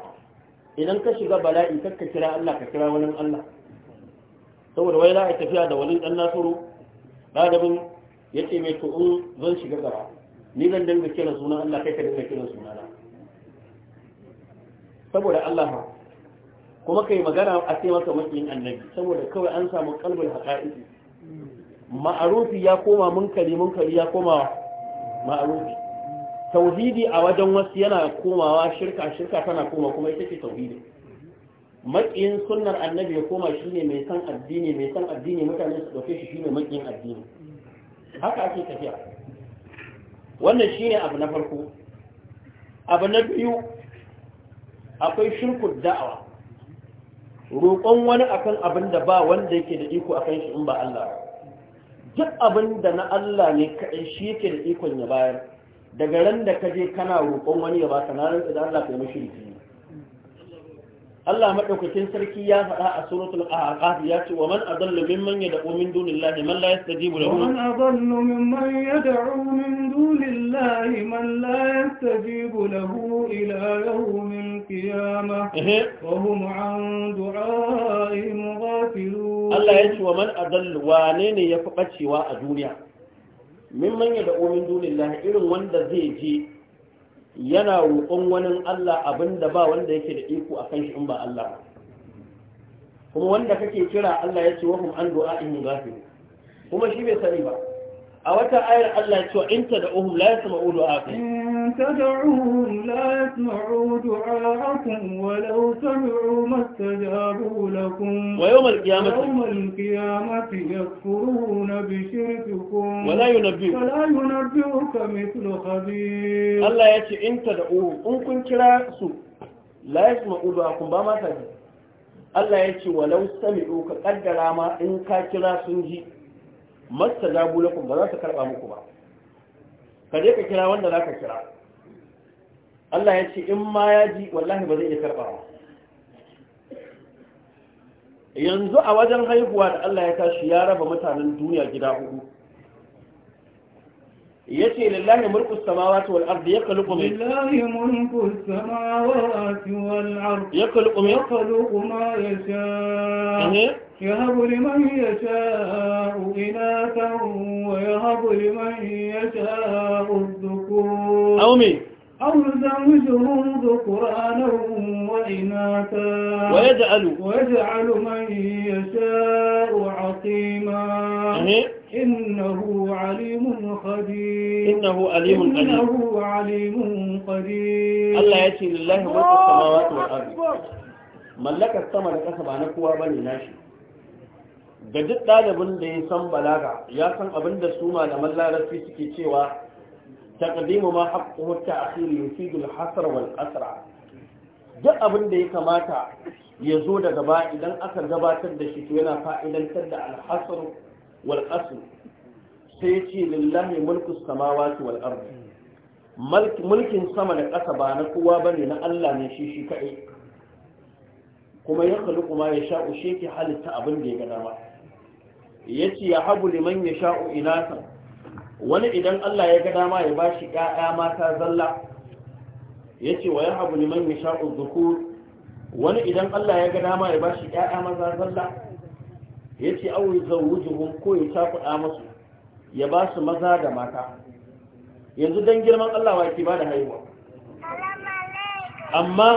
idan ka shiga bala'i kakka kira Allah ka kira wani Allah saboda wai za a tafiya da wani dan nasuru da ya ce mai to zan shiga gaba ni zan dinga kira sunan Allah kai ka dinga kira Allah saboda Allah kuma kai magana a ce maka makiyin annabi saboda kawai an samu kalbul haqa'iqi ma'arufi ya koma munkari munkari ya koma ma'arufi tauhidi a wajen wasu yana komawa shirka shirka tana koma kuma ita ce tauhidi makin sunnar annabi ya koma shi ne mai san addini mai san addini mutane su dauke shi shi ne makin addini haka ake tafiya wannan shi ne abu na farko abu na biyu akwai shirkun da'awa roƙon wani akan abin da ba wanda yake da iko akan shi in ba Allah ba duk abin da na Allah ne kaɗai shi yake da ikon ya bayar daga ran da ka je kana roƙon wani ya baka na rantsa da Allah kai mushriki Allah madaukakin sarki ya faɗa a suratul ahqaf ya ce wa man adallu mimman yad'u min dunillahi man la yastajibu lahu man adallu mimman yad'u min dunillahi man la yastajibu lahu ila yawmil qiyamah wa hum an du'a'ihim ghafilun Allah ya ce wa man adallu ne ne yafi bacewa a duniya mimman yad'u min dunillahi irin wanda zai je yana roƙon wani Allah abin da ba wanda yake da iko a kan shi in ba Allah kuma wanda kake kira Allah ya ce wa hum an du'a'in ghafil kuma shi bai sani ba a wata ayar Allah ya ce in tad'uhum la yasma'u du'aakum in tad'uhum la yasma'u du'aakum wa law sami'u mastajabu lakum wa yawm al-qiyamati yawm al-qiyamati yakfuruna bi shirkikum wa la yunabbi'uka wa la yunabbi'uka mithlu khabir Allah ya ce in tad'uhum in kun kira su la yasma'u du'aakum ba mata ta Allah ya ce walau sami'u ka kaddara ma in ka kira sun ji masta jabu lakum ba za su karɓa muku ba ka je ka kira wanda za ka kira Allah ya ce in ma ya ji wallahi ba zai iya karɓa ba yanzu a wajen haihuwa da Allah ya tashi ya raba mutanen duniya gida hudu yace lillahi mulku samawati wal ardi yakhluqu min lillahi mulku samawati wal ardi yakhluqu min yakhluqu ma yasha يهب لمن يشاء إناثا ويهب لمن يشاء الذكور أو من أو زوجهم ذكرانا وإناثا ويجعل ويجعل من يشاء عقيما إنه عليم قدير إنه عليم قدير إنه عليم قدير الله يأتي لله ملك السماوات والأرض ملك السماء لك سبعنا قوة بني ناشي ga duk ɗalibin da ya san balaga ya san abin da su malaman larabci suke cewa taqdimu ma haqquhu ta'khir yufidu al-hasr wal duk abin da ya kamata ya zo da gaba idan aka gabatar da shi to yana fa'idantar da al-hasr wal sai ya ce lillahi mulku samawati wal mulkin sama da ƙasa ba na kowa ne na Allah ne shi shi kaɗai. kuma ya khaliqu kuma ya sha'u shi ke halitta abin da ya ga dama yace ya habu liman ya sha'u inasan wani idan Allah ya ga dama ya bashi ƴaƴa mata zalla ya ce wa neman ya sha dhukur wani idan Allah ya ga dama ya bashi ƴaƴa maza zalla ya yace aw yuzawwijuhum ko ya tafuda masu ya ba su maza da mata yanzu dan girman Allah wa ba bada haihuwa amma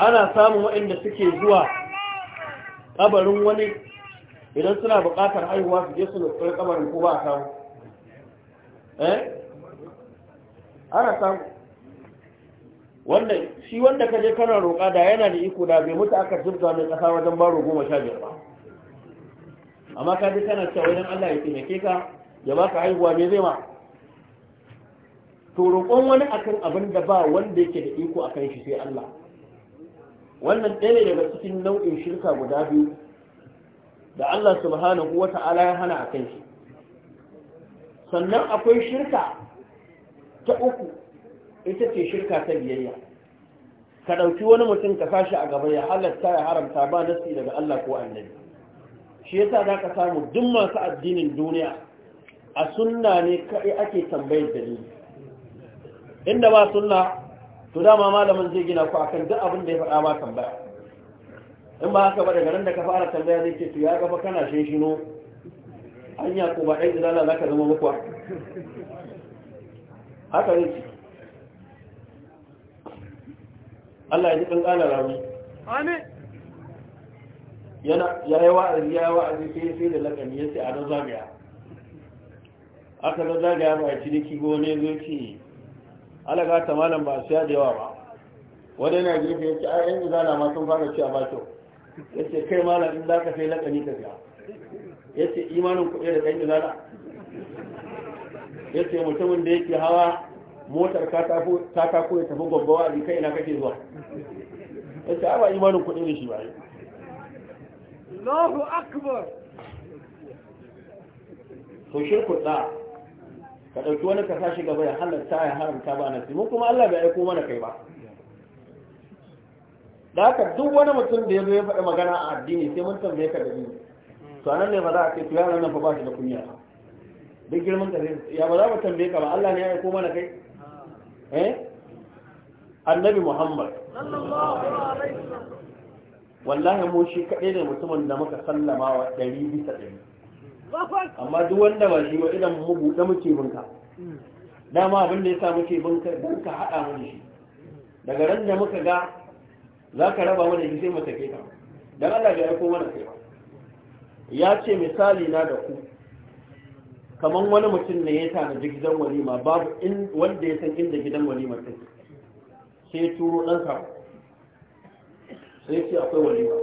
ana samun waɗanda suke zuwa kabarin wani idan suna buƙatar haihuwa su je su kabarin ko ba a samu eh ana samu wanda shi wanda ka je kana roƙa da yana da iko da bai mutu aka zubta mai ƙasa wajen baro goma sha biyar ba amma ka je kana cewa wajen Allah ya taimake ka ya baka haihuwa me zai ma to roƙon wani akan abin da ba wanda yake da iko akan shi sai Allah wannan ɗaya ne daga cikin nau'in shirka guda biyu da Allah subhanahu wa ta'ala ya hana a kan shi sannan akwai shirka ta uku ita ce shirka ta biyayya ka ɗauki wani mutum ka sashi a gaba ya halatta ya haramta ba nasi daga Allah ko annabi shi yasa za ka samu duk masu addinin duniya a sunna ne kai ake tambayar dalili inda ba sunna to dama malamin zai gina ku akan duk abin da ya faɗa ba tambaya in ba haka ba daga nan da ka fara tambaya zai ce to ya gaba kana shinshino hanya ko ba ɗan izala za ka zama makuwa? haka ne ce Allah ya ji ɗan ƙana rami yana ya yi wa'azi ya yi wa'azi sai sai da lakani ya sai a don zagaya aka don zagaya ba a ciniki ko ne zai ce alaga ta malam ba su yada yawa ba wani yana gefe ya ce a yan izala ma sun fara ci a ba ya ce kai malam in za ka sai lakani ka ga ya ce imanin kuɗe da ɗan izala ya ce mutumin da yake hawa motar ta kako ya tafi gwabbawa a kai ina kake zuwa ya ce awa imanin kuɗe da shi ba yi Allahu Akbar to shirku da ka ɗauki wani ka sashi gaba ya halatta ya haramta ba na mu kuma Allah bai aiko mana kai ba da haka duk wani mutum da ya zo ya faɗi magana a addini sai mun tambaye ka da ni to anan ne ba za a kai yaron nan fa ba shi da kunya ba duk girman da ya ba za mu tambaye ka ba Allah ne ya aiko mana kai eh annabi Muhammad wallahi mu shi kaɗai ne mutumin da muka sallama wa 100% amma duk wanda ba shi ba idan mu buɗe muke binka dama abin da ya sa muke binka don hada mu shi daga ran da muka ga za ka raba mana shi sai mu take ka don Allah bai aiko mana kai ba ya ce misali na da ku kamar wani mutum ne ya tanaji gidan walima babu wanda ya san inda gidan walima ta sai turo ɗansa sai ce akwai walima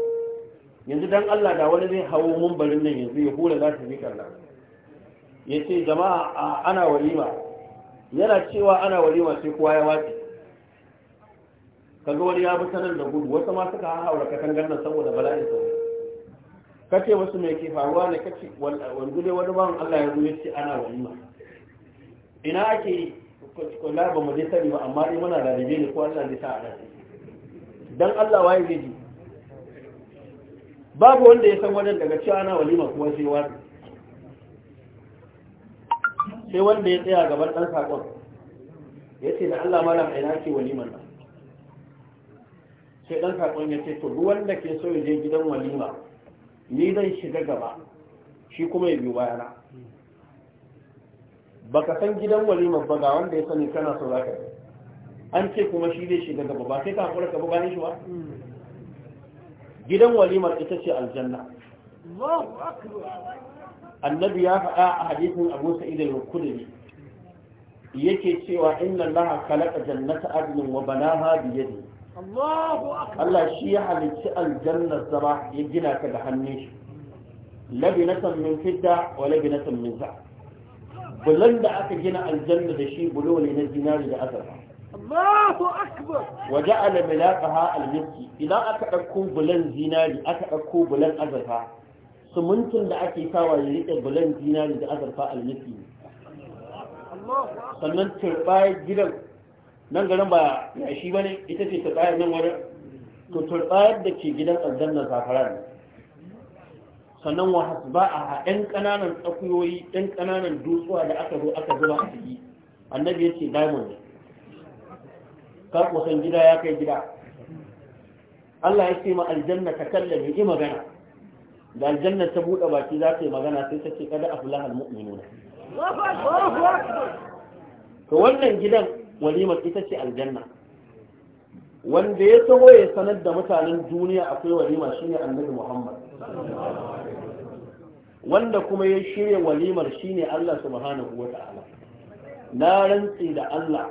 yanzu don allah da wani zai hawo mumbarin nan yanzu ya hula za ta yi nan ya ce jama'a ana walima yana cewa ana walima sai kowa ya wace kaga wani ya bi sanar da gudu wasu ma suka haura katangar nan saboda bala'in sauri kace musu me ke faruwa ne kace wanda dai wani ban Allah ya zuwa ce ana walima ina ake kula ba mu dai sani ba amma dai muna da rabe ne ko Allah zai sa a dan Allah waye zai ji babu wanda ya san wannan daga cewa ana walima kuma sai wani sai wanda ya tsaya gaban dan sakon yace da Allah malam ina ake waliman nan sai dan sakon yace to duk wanda ke so ya je gidan walima ni zan shiga gaba shi kuma ya biyu bayana baka san gidan walimar ba ga wanda ya sani kana so zaka an ce kuma shi zai shiga gaba ba sai ka hakura ka bayan shi ba gidan walimar ita ce aljanna annabi ya faɗa a hadisin abu sa'id al-khudri yake cewa inna allaha khalaqa jannata adnin wa banaha bi yadihi Allah shi ya halicci aljannar zama ya gina ta da hannun shi labinatan min fidda wa labinatan min za bulan da aka gina aljanna da shi bulo ne na zinari da azurfa Allahu akbar wa ja'ala milaqaha al-miski idan aka dauko bulan zinari aka dauko bulan azurfa sumuntun da ake sawa ya rike bulan zinari da azurfa al-miski sannan turbayar gidan nan garin ba yashi ba ne ita ce tsayar nan wani to turɓayar da ke gidan aljanna zafara ne sannan wa hasba a ɗan ƙananan tsakuyoyi ɗan ƙananan dutsuwa da aka zo aka zuba a ciki annabi ya ce diamond ka kusan gida ya kai gida Allah ya ce ma aljanna ta kalla yi magana da aljanna ta buɗe baki za ta yi magana sai ta ce kada aflahal mu'minuna to wannan gidan walimar ita ce aljanna wanda ya taho ya sanar da mutanen duniya akwai walima shine annabi muhammad wanda kuma ya shirya walimar shine allah subhanahu wa ta'ala na rantsi da allah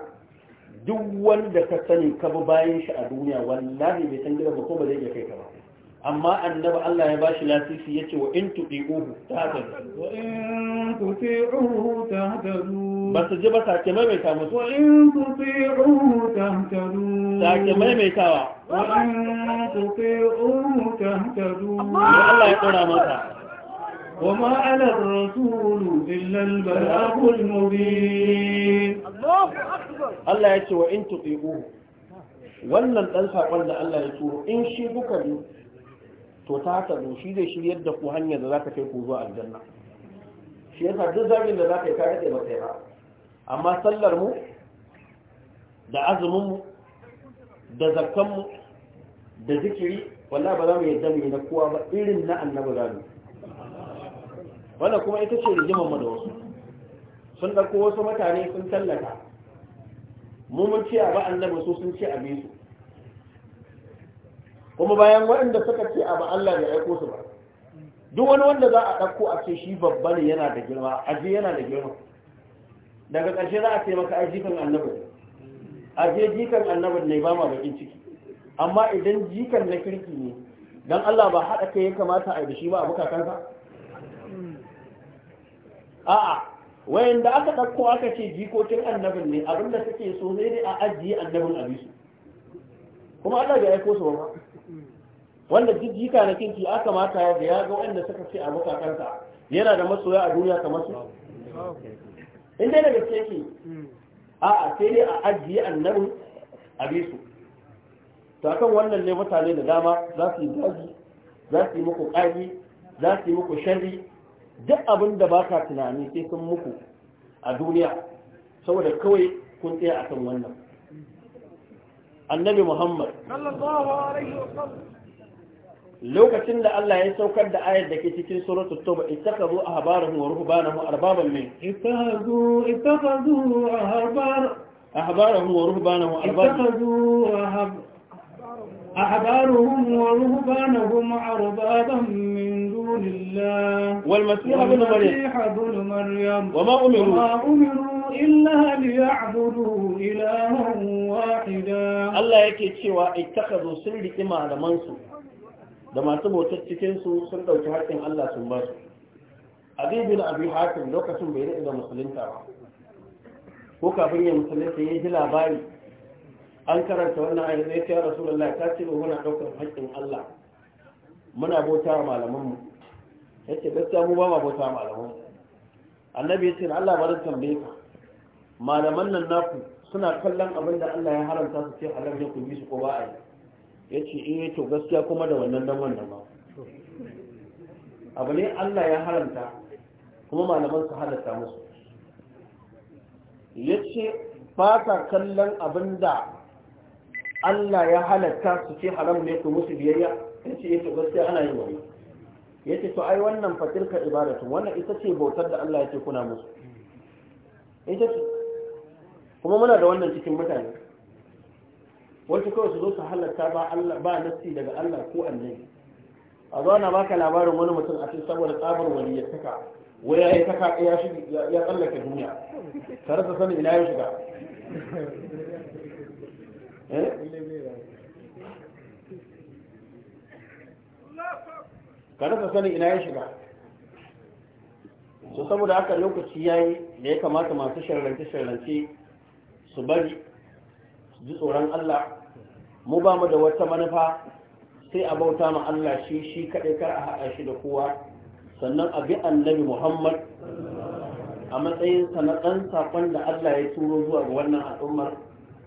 duk wanda ka sani ka bi bayan shi a duniya wallahi bai san gida ba ko ba zai iya kai ka ba amma annabi Allah ya bashi lasisi yace wa in tuqihu tahtadu wa in tuti'uhu tahtadu ba su ji ba sake maimaita musu wa in tuti'uhu tahtadu sake maimaitawa wa in tuti'uhu tahtadu Allah ya dora masa وما على الرسول إلا البلاغ المبين الله أكبر الله يتوى إن تطيعوه wannan ɗan saƙon da Allah ya turo in shi kuka bi to ta haka zo shi zai shiryar da ku hanyar da za ka kai ku zuwa aljanna shi yasa duk zamin da za ka yi ka daɗe ba ba amma sallar mu da azumin mu da zakkan mu da zikiri walla ba za mu yadda mu yi na kowa ba irin na annabi zalu wannan kuma ita ce rigiman mu da wasu sun ɗauko wasu mutane sun tallata mu mun ce a ba annabi su sun ce a bisu kuma bayan waɗanda suka ce abu Allah ne aiko su ba duk wani wanda za a ɗauko a ce shi babba ne yana da girma aje yana da girma daga ƙarshe za a ce maka ai jikan annabi aje jikan annabi ne ba ma bakin ciki amma idan jikan na kirki ne dan Allah ba haɗa kai ya kamata a yi da shi ba a bukatansa a'a wayan da aka ɗauko aka ce jikokin annabin ne abinda suke so sai dai a ajiye annabin abisu kuma Allah bai aiko su ba wanda duk jika na kinki a kamata ya ga ya ga wanda suka ce a kansa yana da masoya a duniya kamar su in dai daga ceki a a sai dai a ajiye annabi a bi su to akan wannan ne mutane da dama za su yi daji za su yi muku ƙari za su yi muku sharri duk abin da ba ka tunani sai sun muku a duniya saboda kawai kun tsaya kan wannan annabi muhammad lokacin da Allah ya saukar da ayar da ke cikin suratul toba ittakhadhu ahbarahum wa ruhbanahum arbaban min ittakhadhu ittakhadhu ahbar ahbarahum wa ruhbanahum arbaban ittakhadhu أحبارهم ورهبانهم أربابا من دون الله والمسيح ابن مريم, مريم وما أمروا وما أمروا إلا ليعبدوا إلها واحدا الله يكي تشوى اتخذوا سلد sirri على منصب da masu bautar cikinsu sun ɗauki haƙƙin Allah sun ba su Ali bin Abi Hatim lokacin bai rike da musulunta ba ko kafin ya musulunta ya ji labari an karanta wannan ayat sai ya Rasulullahi ta ce ba muna ɗaukar haƙƙin Allah muna bauta wa malaman mu yace gaskiya mu ba ma bauta wa malaman annabi ya ce Allah ba zan tambaye ka malaman nan naku suna kallon abin da Allah ya haramta su ce halal ne ku bi su ko ba a yi ya ce iya eh, to gaskiya kuma da wannan dan wannan ba abu ne allah ya haramta kuma malaman su halatta musu ya ce ba ta kallon abin da allah ya halatta su ce haram ne su musu biyayya ya ce iya eh, to gaskiya ana yin wani ya ce to ai wannan fatirka ibaratu wannan ita ce bautar da allah ya ce kuna musu ita ce kuma muna da wannan cikin mutane wasu kawai su zo su halatta ba Allah ba nasi daga Allah ko annabi a zo na baka labarin wani mutum a cikin saboda tsabar waliyyataka wai ya yi taka ya shiga ya tsallaka duniya tare da sanin ina ya shiga ka rasa sanin ina ya shiga eh? su saboda haka lokaci ya yi da ya kamata masu sharrance-sharrance su bari ji tsoron Allah mu ba mu da wata manufa sai a bauta ma Allah shi shi kaɗai kar a haɗa shi da kowa sannan a bi annabi Muhammad a matsayinsa na ɗan saƙon da Allah ya turo zuwa ga wannan al'ummar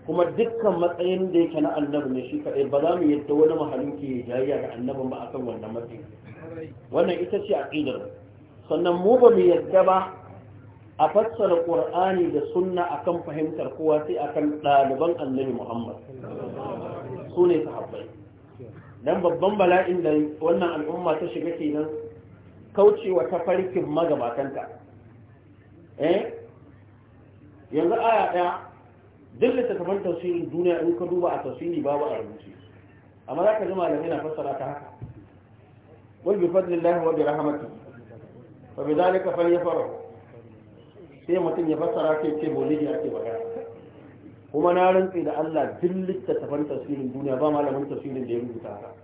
kuma dukkan matsayin da yake na annabi ne shi kaɗai ba za mu yadda wani mahaluki ya jariya ga annabin ba akan wannan matsayi wannan ita ce mu. sannan mu ba mu yadda ba a fassara ƙur'ani da sunna akan fahimtar kowa sai akan ɗaliban annabi muhammad su ne sahabbai dan babban bala'in da wannan al'umma ta shiga kenan kaucewa ta farkin magabatanta eh yanzu aya ɗaya duk littattafan tafsirin duniya in ka duba a tafsiri babu a rubuce amma za ka ji malamai na fassara ta haka wani fadlillahi wa bi rahmatihi fa bi zalika falyafarahu sai mutum ya fassara sai ce bolidi ake magana kuma na rantsi da Allah duk tafan tasirin duniya ba malamin tasirin da ya rubuta haka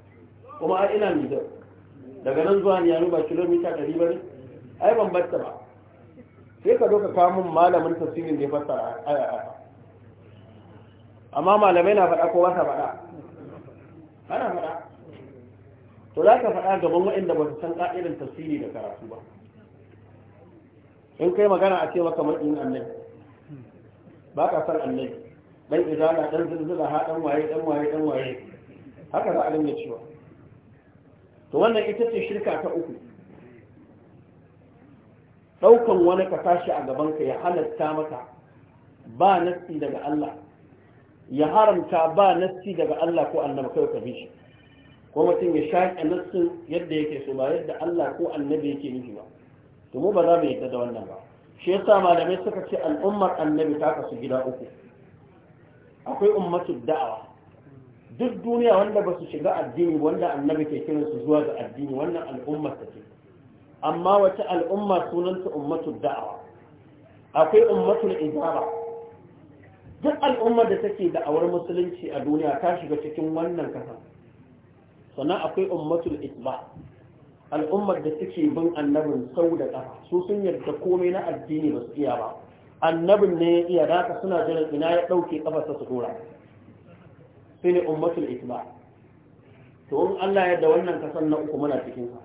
kuma a ina mai daga nan zuwa ne ba kilomita ɗari ba ne ai ban batta ba sai ka doka min malamin tasirin da ya fassara aya amma malamai na faɗa ko wasa faɗa ana faɗa to za ka faɗa gaban waɗanda ba su san ƙa'irin tasiri da karatu ba in kai magana a ce maka maƙin annabi ba ka san annabi dan izala dan zulzula ha dan waye dan waye dan waye haka za a dinga cewa to wannan ita ce shirka ta uku daukan wani ka tashi a gaban ka ya halatta maka ba nasti daga Allah ya haramta ba nasti daga Allah ko annabi kai ka bi shi ko mutum ya shaƙe nasin yadda yake so ba yadda Allah ko annabi yake nufi ba to mu ba za mu yadda da wannan ba shi yasa malamai suka ce al'ummar annabi ta kasu gida uku akwai ummatul da'awa duk duniya wanda ba su shiga addini wanda annabi ke kiran su zuwa ga addini wannan al'ummar ta ce amma wata al'umma sunanta ummatul da'awa akwai ummatul ijaba duk al'ummar da take da'awar musulunci a duniya ta shiga cikin wannan kasa sannan akwai ummatul itba al'ummar da suke bin annabin sau da ƙafa su sun yarda komai na addini ba su iya ba annabin ne ya iya da suna jiran ina ya ɗauke ƙafarsa su dora sai ne ummatul itba to in Allah ya da wannan kasan na uku muna cikin sa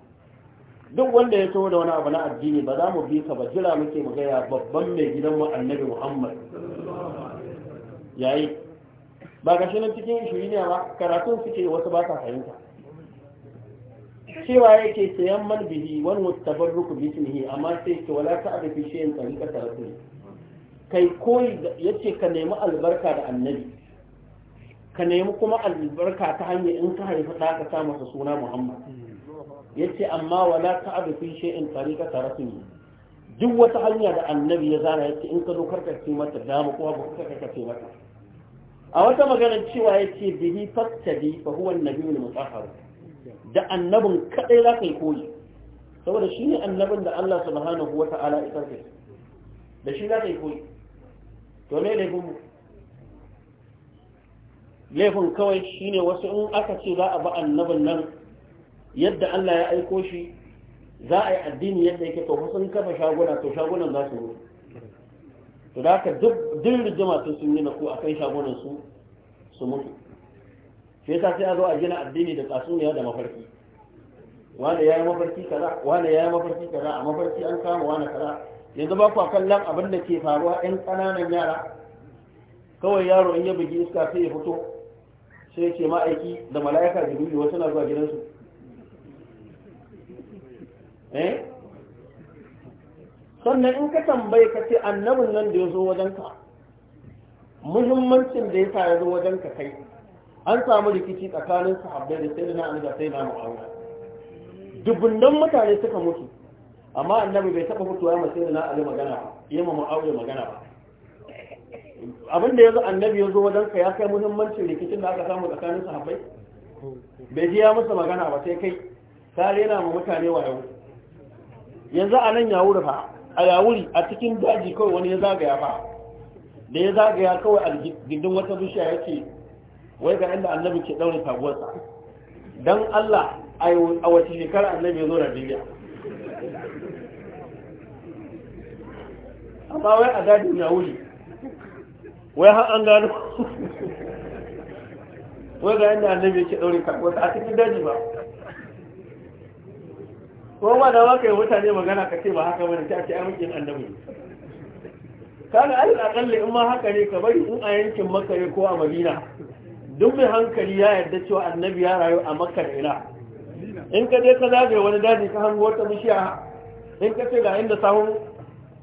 duk wanda ya so da wani abu na addini ba za mu bi ka ba jira muke mu gaya babban mai gidan mu annabi Muhammad yayi ba ga shi nan cikin shiriya ba karatun suke wasu ba ta fahimta cewa yake sayan man bihi wani mustafar ruku bismihi amma sai ke wala ta abu fi shayin tsari ka rasuli kai koyi ya ce ka nemi albarka da annabi ka nemi kuma albarka ta hanyar in ka haifi ɗa ka sa masa suna muhammad ya ce amma wala ta abu fi shayin tsari kasar rasuli duk wata hanya da annabi ya zana ya ce in ka zo ce mata dama kuma ba ka ce mata a wata magana cewa ya ce bihi fattabi fa huwa annabiyul mutahhar da annabin kadai za ka yi koyi saboda shi ne annabin da Allah subhanahu wa ta'ala ya karfe da shi za ka yi koyi to ne laifin mu laifin kawai shi ne wasu in aka ce za a ba annabin nan yadda Allah ya aiko shi za a yi addini yadda yake to sun kafa shaguna to shagunan za su yi to da haka duk rijima sun yi na ku akan shagunan su su mutu sai yasa sai a zo a gina addini da tsatsuniya da mafarki wanda ya yi mafarki kaza wanda ya yi mafarki kaza a mafarki an kama wani kaza yanzu ba ku kallon abin da ke faruwa ɗan ƙananan yara kawai yaro in ya bugi iska sai ya fito sai ya ce ma'aiki da mala'ika jibrilu wasu na zuwa gidansu eh sannan in ka tambaye ka ce annabin nan da ya zo wajenka muhimmancin da ya sa ya zo wajenka kai an samu rikici tsakanin sahabbai da na Ali sai na Muawiya dubunnan mutane suka mutu amma annabi bai taba mutuwa ma na Ali magana ba ya ma Muawiya magana ba abin da yanzu annabi ya zo wajen ka ya kai muhimmancin rikicin da aka samu tsakanin sahabbai bai ji ya musu magana ba sai kai ka rena ma mutane wa yau yanzu a nan ya wuri fa a yawuri a cikin daji kawai wani ya zagaya fa da ya zagaya kawai a gindin wata bishiya yake wai ga inda annabi ke daure taguwarsa dan Allah a wace shekara annabi ya zo Najeriya amma wai a dajin ya wuri wai har an gano wai ga inda annabi ke daure taguwarsa a cikin daji ba ko ma da waka yi mutane magana ka ce ba haka bane ta ce amincin annabi kana alal akalli in ma haka ne ka bari in a yankin makare ko a madina duk mai hankali ya yarda cewa annabi ya rayu a makar ina in ka je ka zagaye wani daji ka hango wata bishiya in ka ce ga inda sahun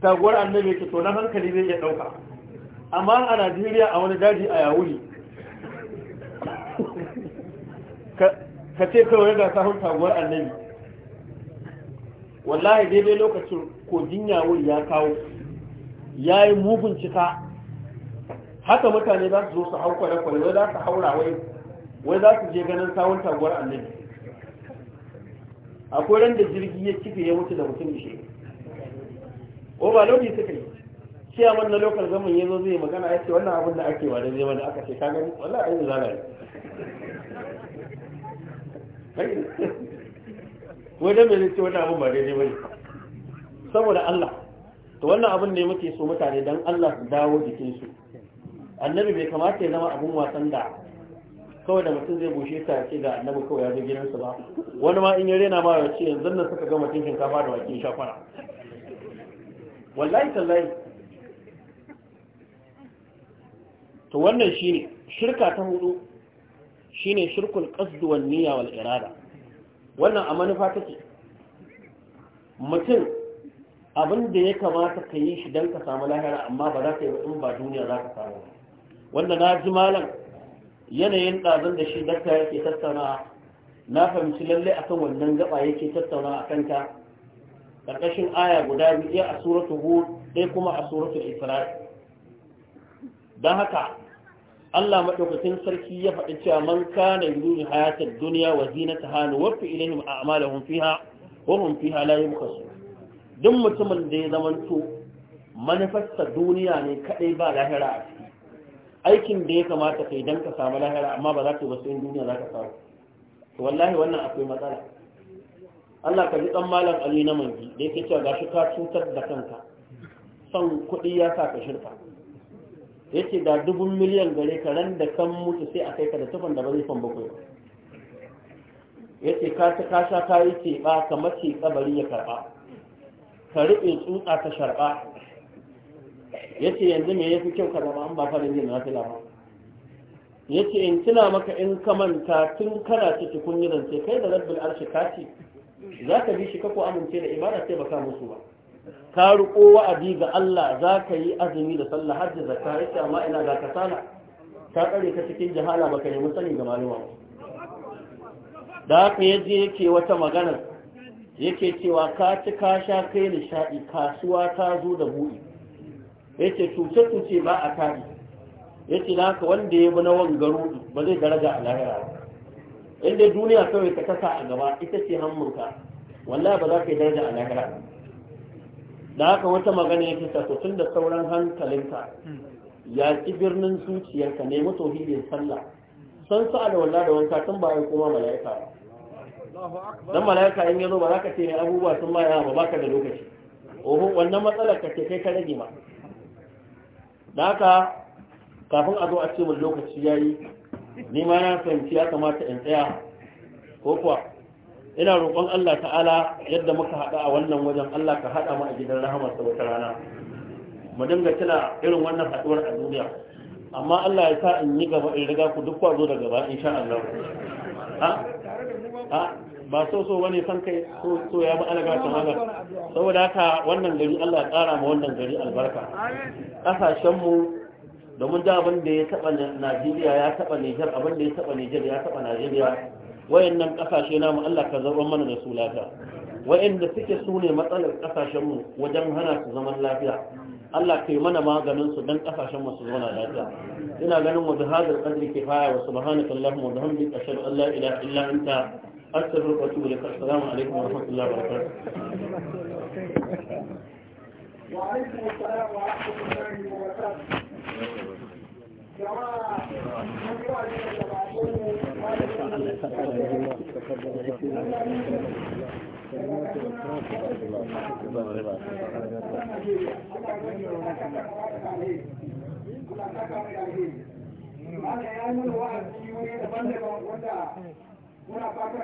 taguwar annabi ke to na hankali zai iya ɗauka amma a najeriya a wani daji a yawuli ka ce kawai ga sahun taguwar annabi wallahi daidai lokacin kogin yawuli ya kawo ya yi mugun cika haka mutane za su zo su hau kwale-kwale wai za su haura wai wai za su je ganin sawun taguwar annabi akwai ran da jirgi ya kife ya mutu da mutum ishe ko ba lodi suka yi a wannan lokal zaman ya zo zai magana ya ce wannan abin da ake ba da zai wani aka ce ka gani yi ayi ne. wai da mai ce wannan abin ba daidai bane saboda Allah to wannan abin ne muke so mutane dan Allah su dawo jikin su annabi bai kamata ya zama abun wasan da kawai da mutum zai bushe ta ce da annabi kawai ya zo gidansu ba wani ma in yi rena ma ya ce yanzu nan suka gama mutum shinkafa da wake shafara wallahi tallahi to wannan shine shirka ta hudu shine shirkul shirkun kasduwan niyya wal irada wannan a manufa take mutum abin da ya kamata ka yi shi don ka samu lahira amma ba za ka yi in ba duniya za ka samu ba wanda na ji malam yanayin ɗazan da shi dakta yake tattauna na fahimci lalle akan wannan gaba yake tattauna a kanta ƙarƙashin aya guda biyu a suratu hud ɗaya kuma a suratu isra'i don haka Allah maɗaukacin sarki ya faɗi cewa man kana yuridu hayatar duniya wa ta hannu wafi a'malahum fiha wa hum fiha la duk mutumin da ya zamanto manufarsa duniya ne kadai ba lahira a aikin da ya kamata kai dan ka samu lahira amma ba za ka yi ba sai duniya za ka samu to wallahi wannan akwai matsala Allah ka ji dan malam Ali na mangi da yake cewa gashi ka cutar da kanka son kuɗi ya sa ka shirka yace da dubun miliyan gare ka ran da kan mutu sai a kai ka da tufan da ba zai fan bakwai ba yace ka ta sha ka yi ba ka mace kabari ya karba ka riɓe tsutsa ka sharɓa ya ce yanzu me ya fi kyau ka zama an ba ka da yin ba ya ce in tuna maka in ka manta tun kana ciki kun yi kai da rabbul arshi ka ce za ka bi shi ka ko amince da ibada sai baka musu ba ka riƙo wa'adi ga Allah za ka yi azumi da sallah hajji ka yace amma ina ga kasala ka tsare ka cikin jahala baka nemi sani ga malama da haka yaje yake wata magana yake cewa ka ci ka sha kai nishaɗi kasuwa ta zo da buɗi ce cuce-cuce ba a kari yace na haka wanda ya bi na wangaru ba zai daraja a lahira ba inda duniya kawai ka kasa a gaba ita ce hannunka wallahi ba za ka yi daraja a lahira da haka wata magana yake sa tun da sauran hankalinka ya ci birnin zuciyarka ne, mu tauhidin sallah san sa da wallahi da wanka tun ba ya koma mala'ika ba dan mala'ika in yazo ba za ka ce ne abubuwa sun ma yawa ba ka da lokaci oho wannan matsalar ka ce kai ka rage ma da haka kafin a zo a ce mun lokaci ya yi ni ma na fahimci ya kamata in tsaya ko kuwa ina roƙon Allah ta'ala yadda muka haɗa a wannan wajen Allah ka haɗa mu a gidan rahama ta wata rana mu dinga tuna irin wannan haɗuwar a duniya amma Allah ya sa in yi gaba in riga ku duk kwazo da gaba insha Allah ha ha ba so so bane san kai so so ya ba alaga ta haka saboda haka wannan gari Allah ya ƙara ma wannan gari albarka kasashen mu domin da abin da ya taba Najeriya ya taba Niger abin da ya taba Niger ya taba Najeriya wayannan kasashe namu Allah ka zaɓa mana da su lafiya wayanda suke su ne matsalar kasashen mu wajen hana su zaman lafiya Allah ka yi mana maganin su dan kasashen mu su zauna lafiya ina ganin wa bihadar qadri kifaya wa subhanakallahumma wa bihamdika ashhadu an la ilaha illa anta أستغفرك وأتوب إليك السلام عليكم ورحمة الله وبركاته وعليكم السلام ورحمة الله وبركاته Thank you. muna fatar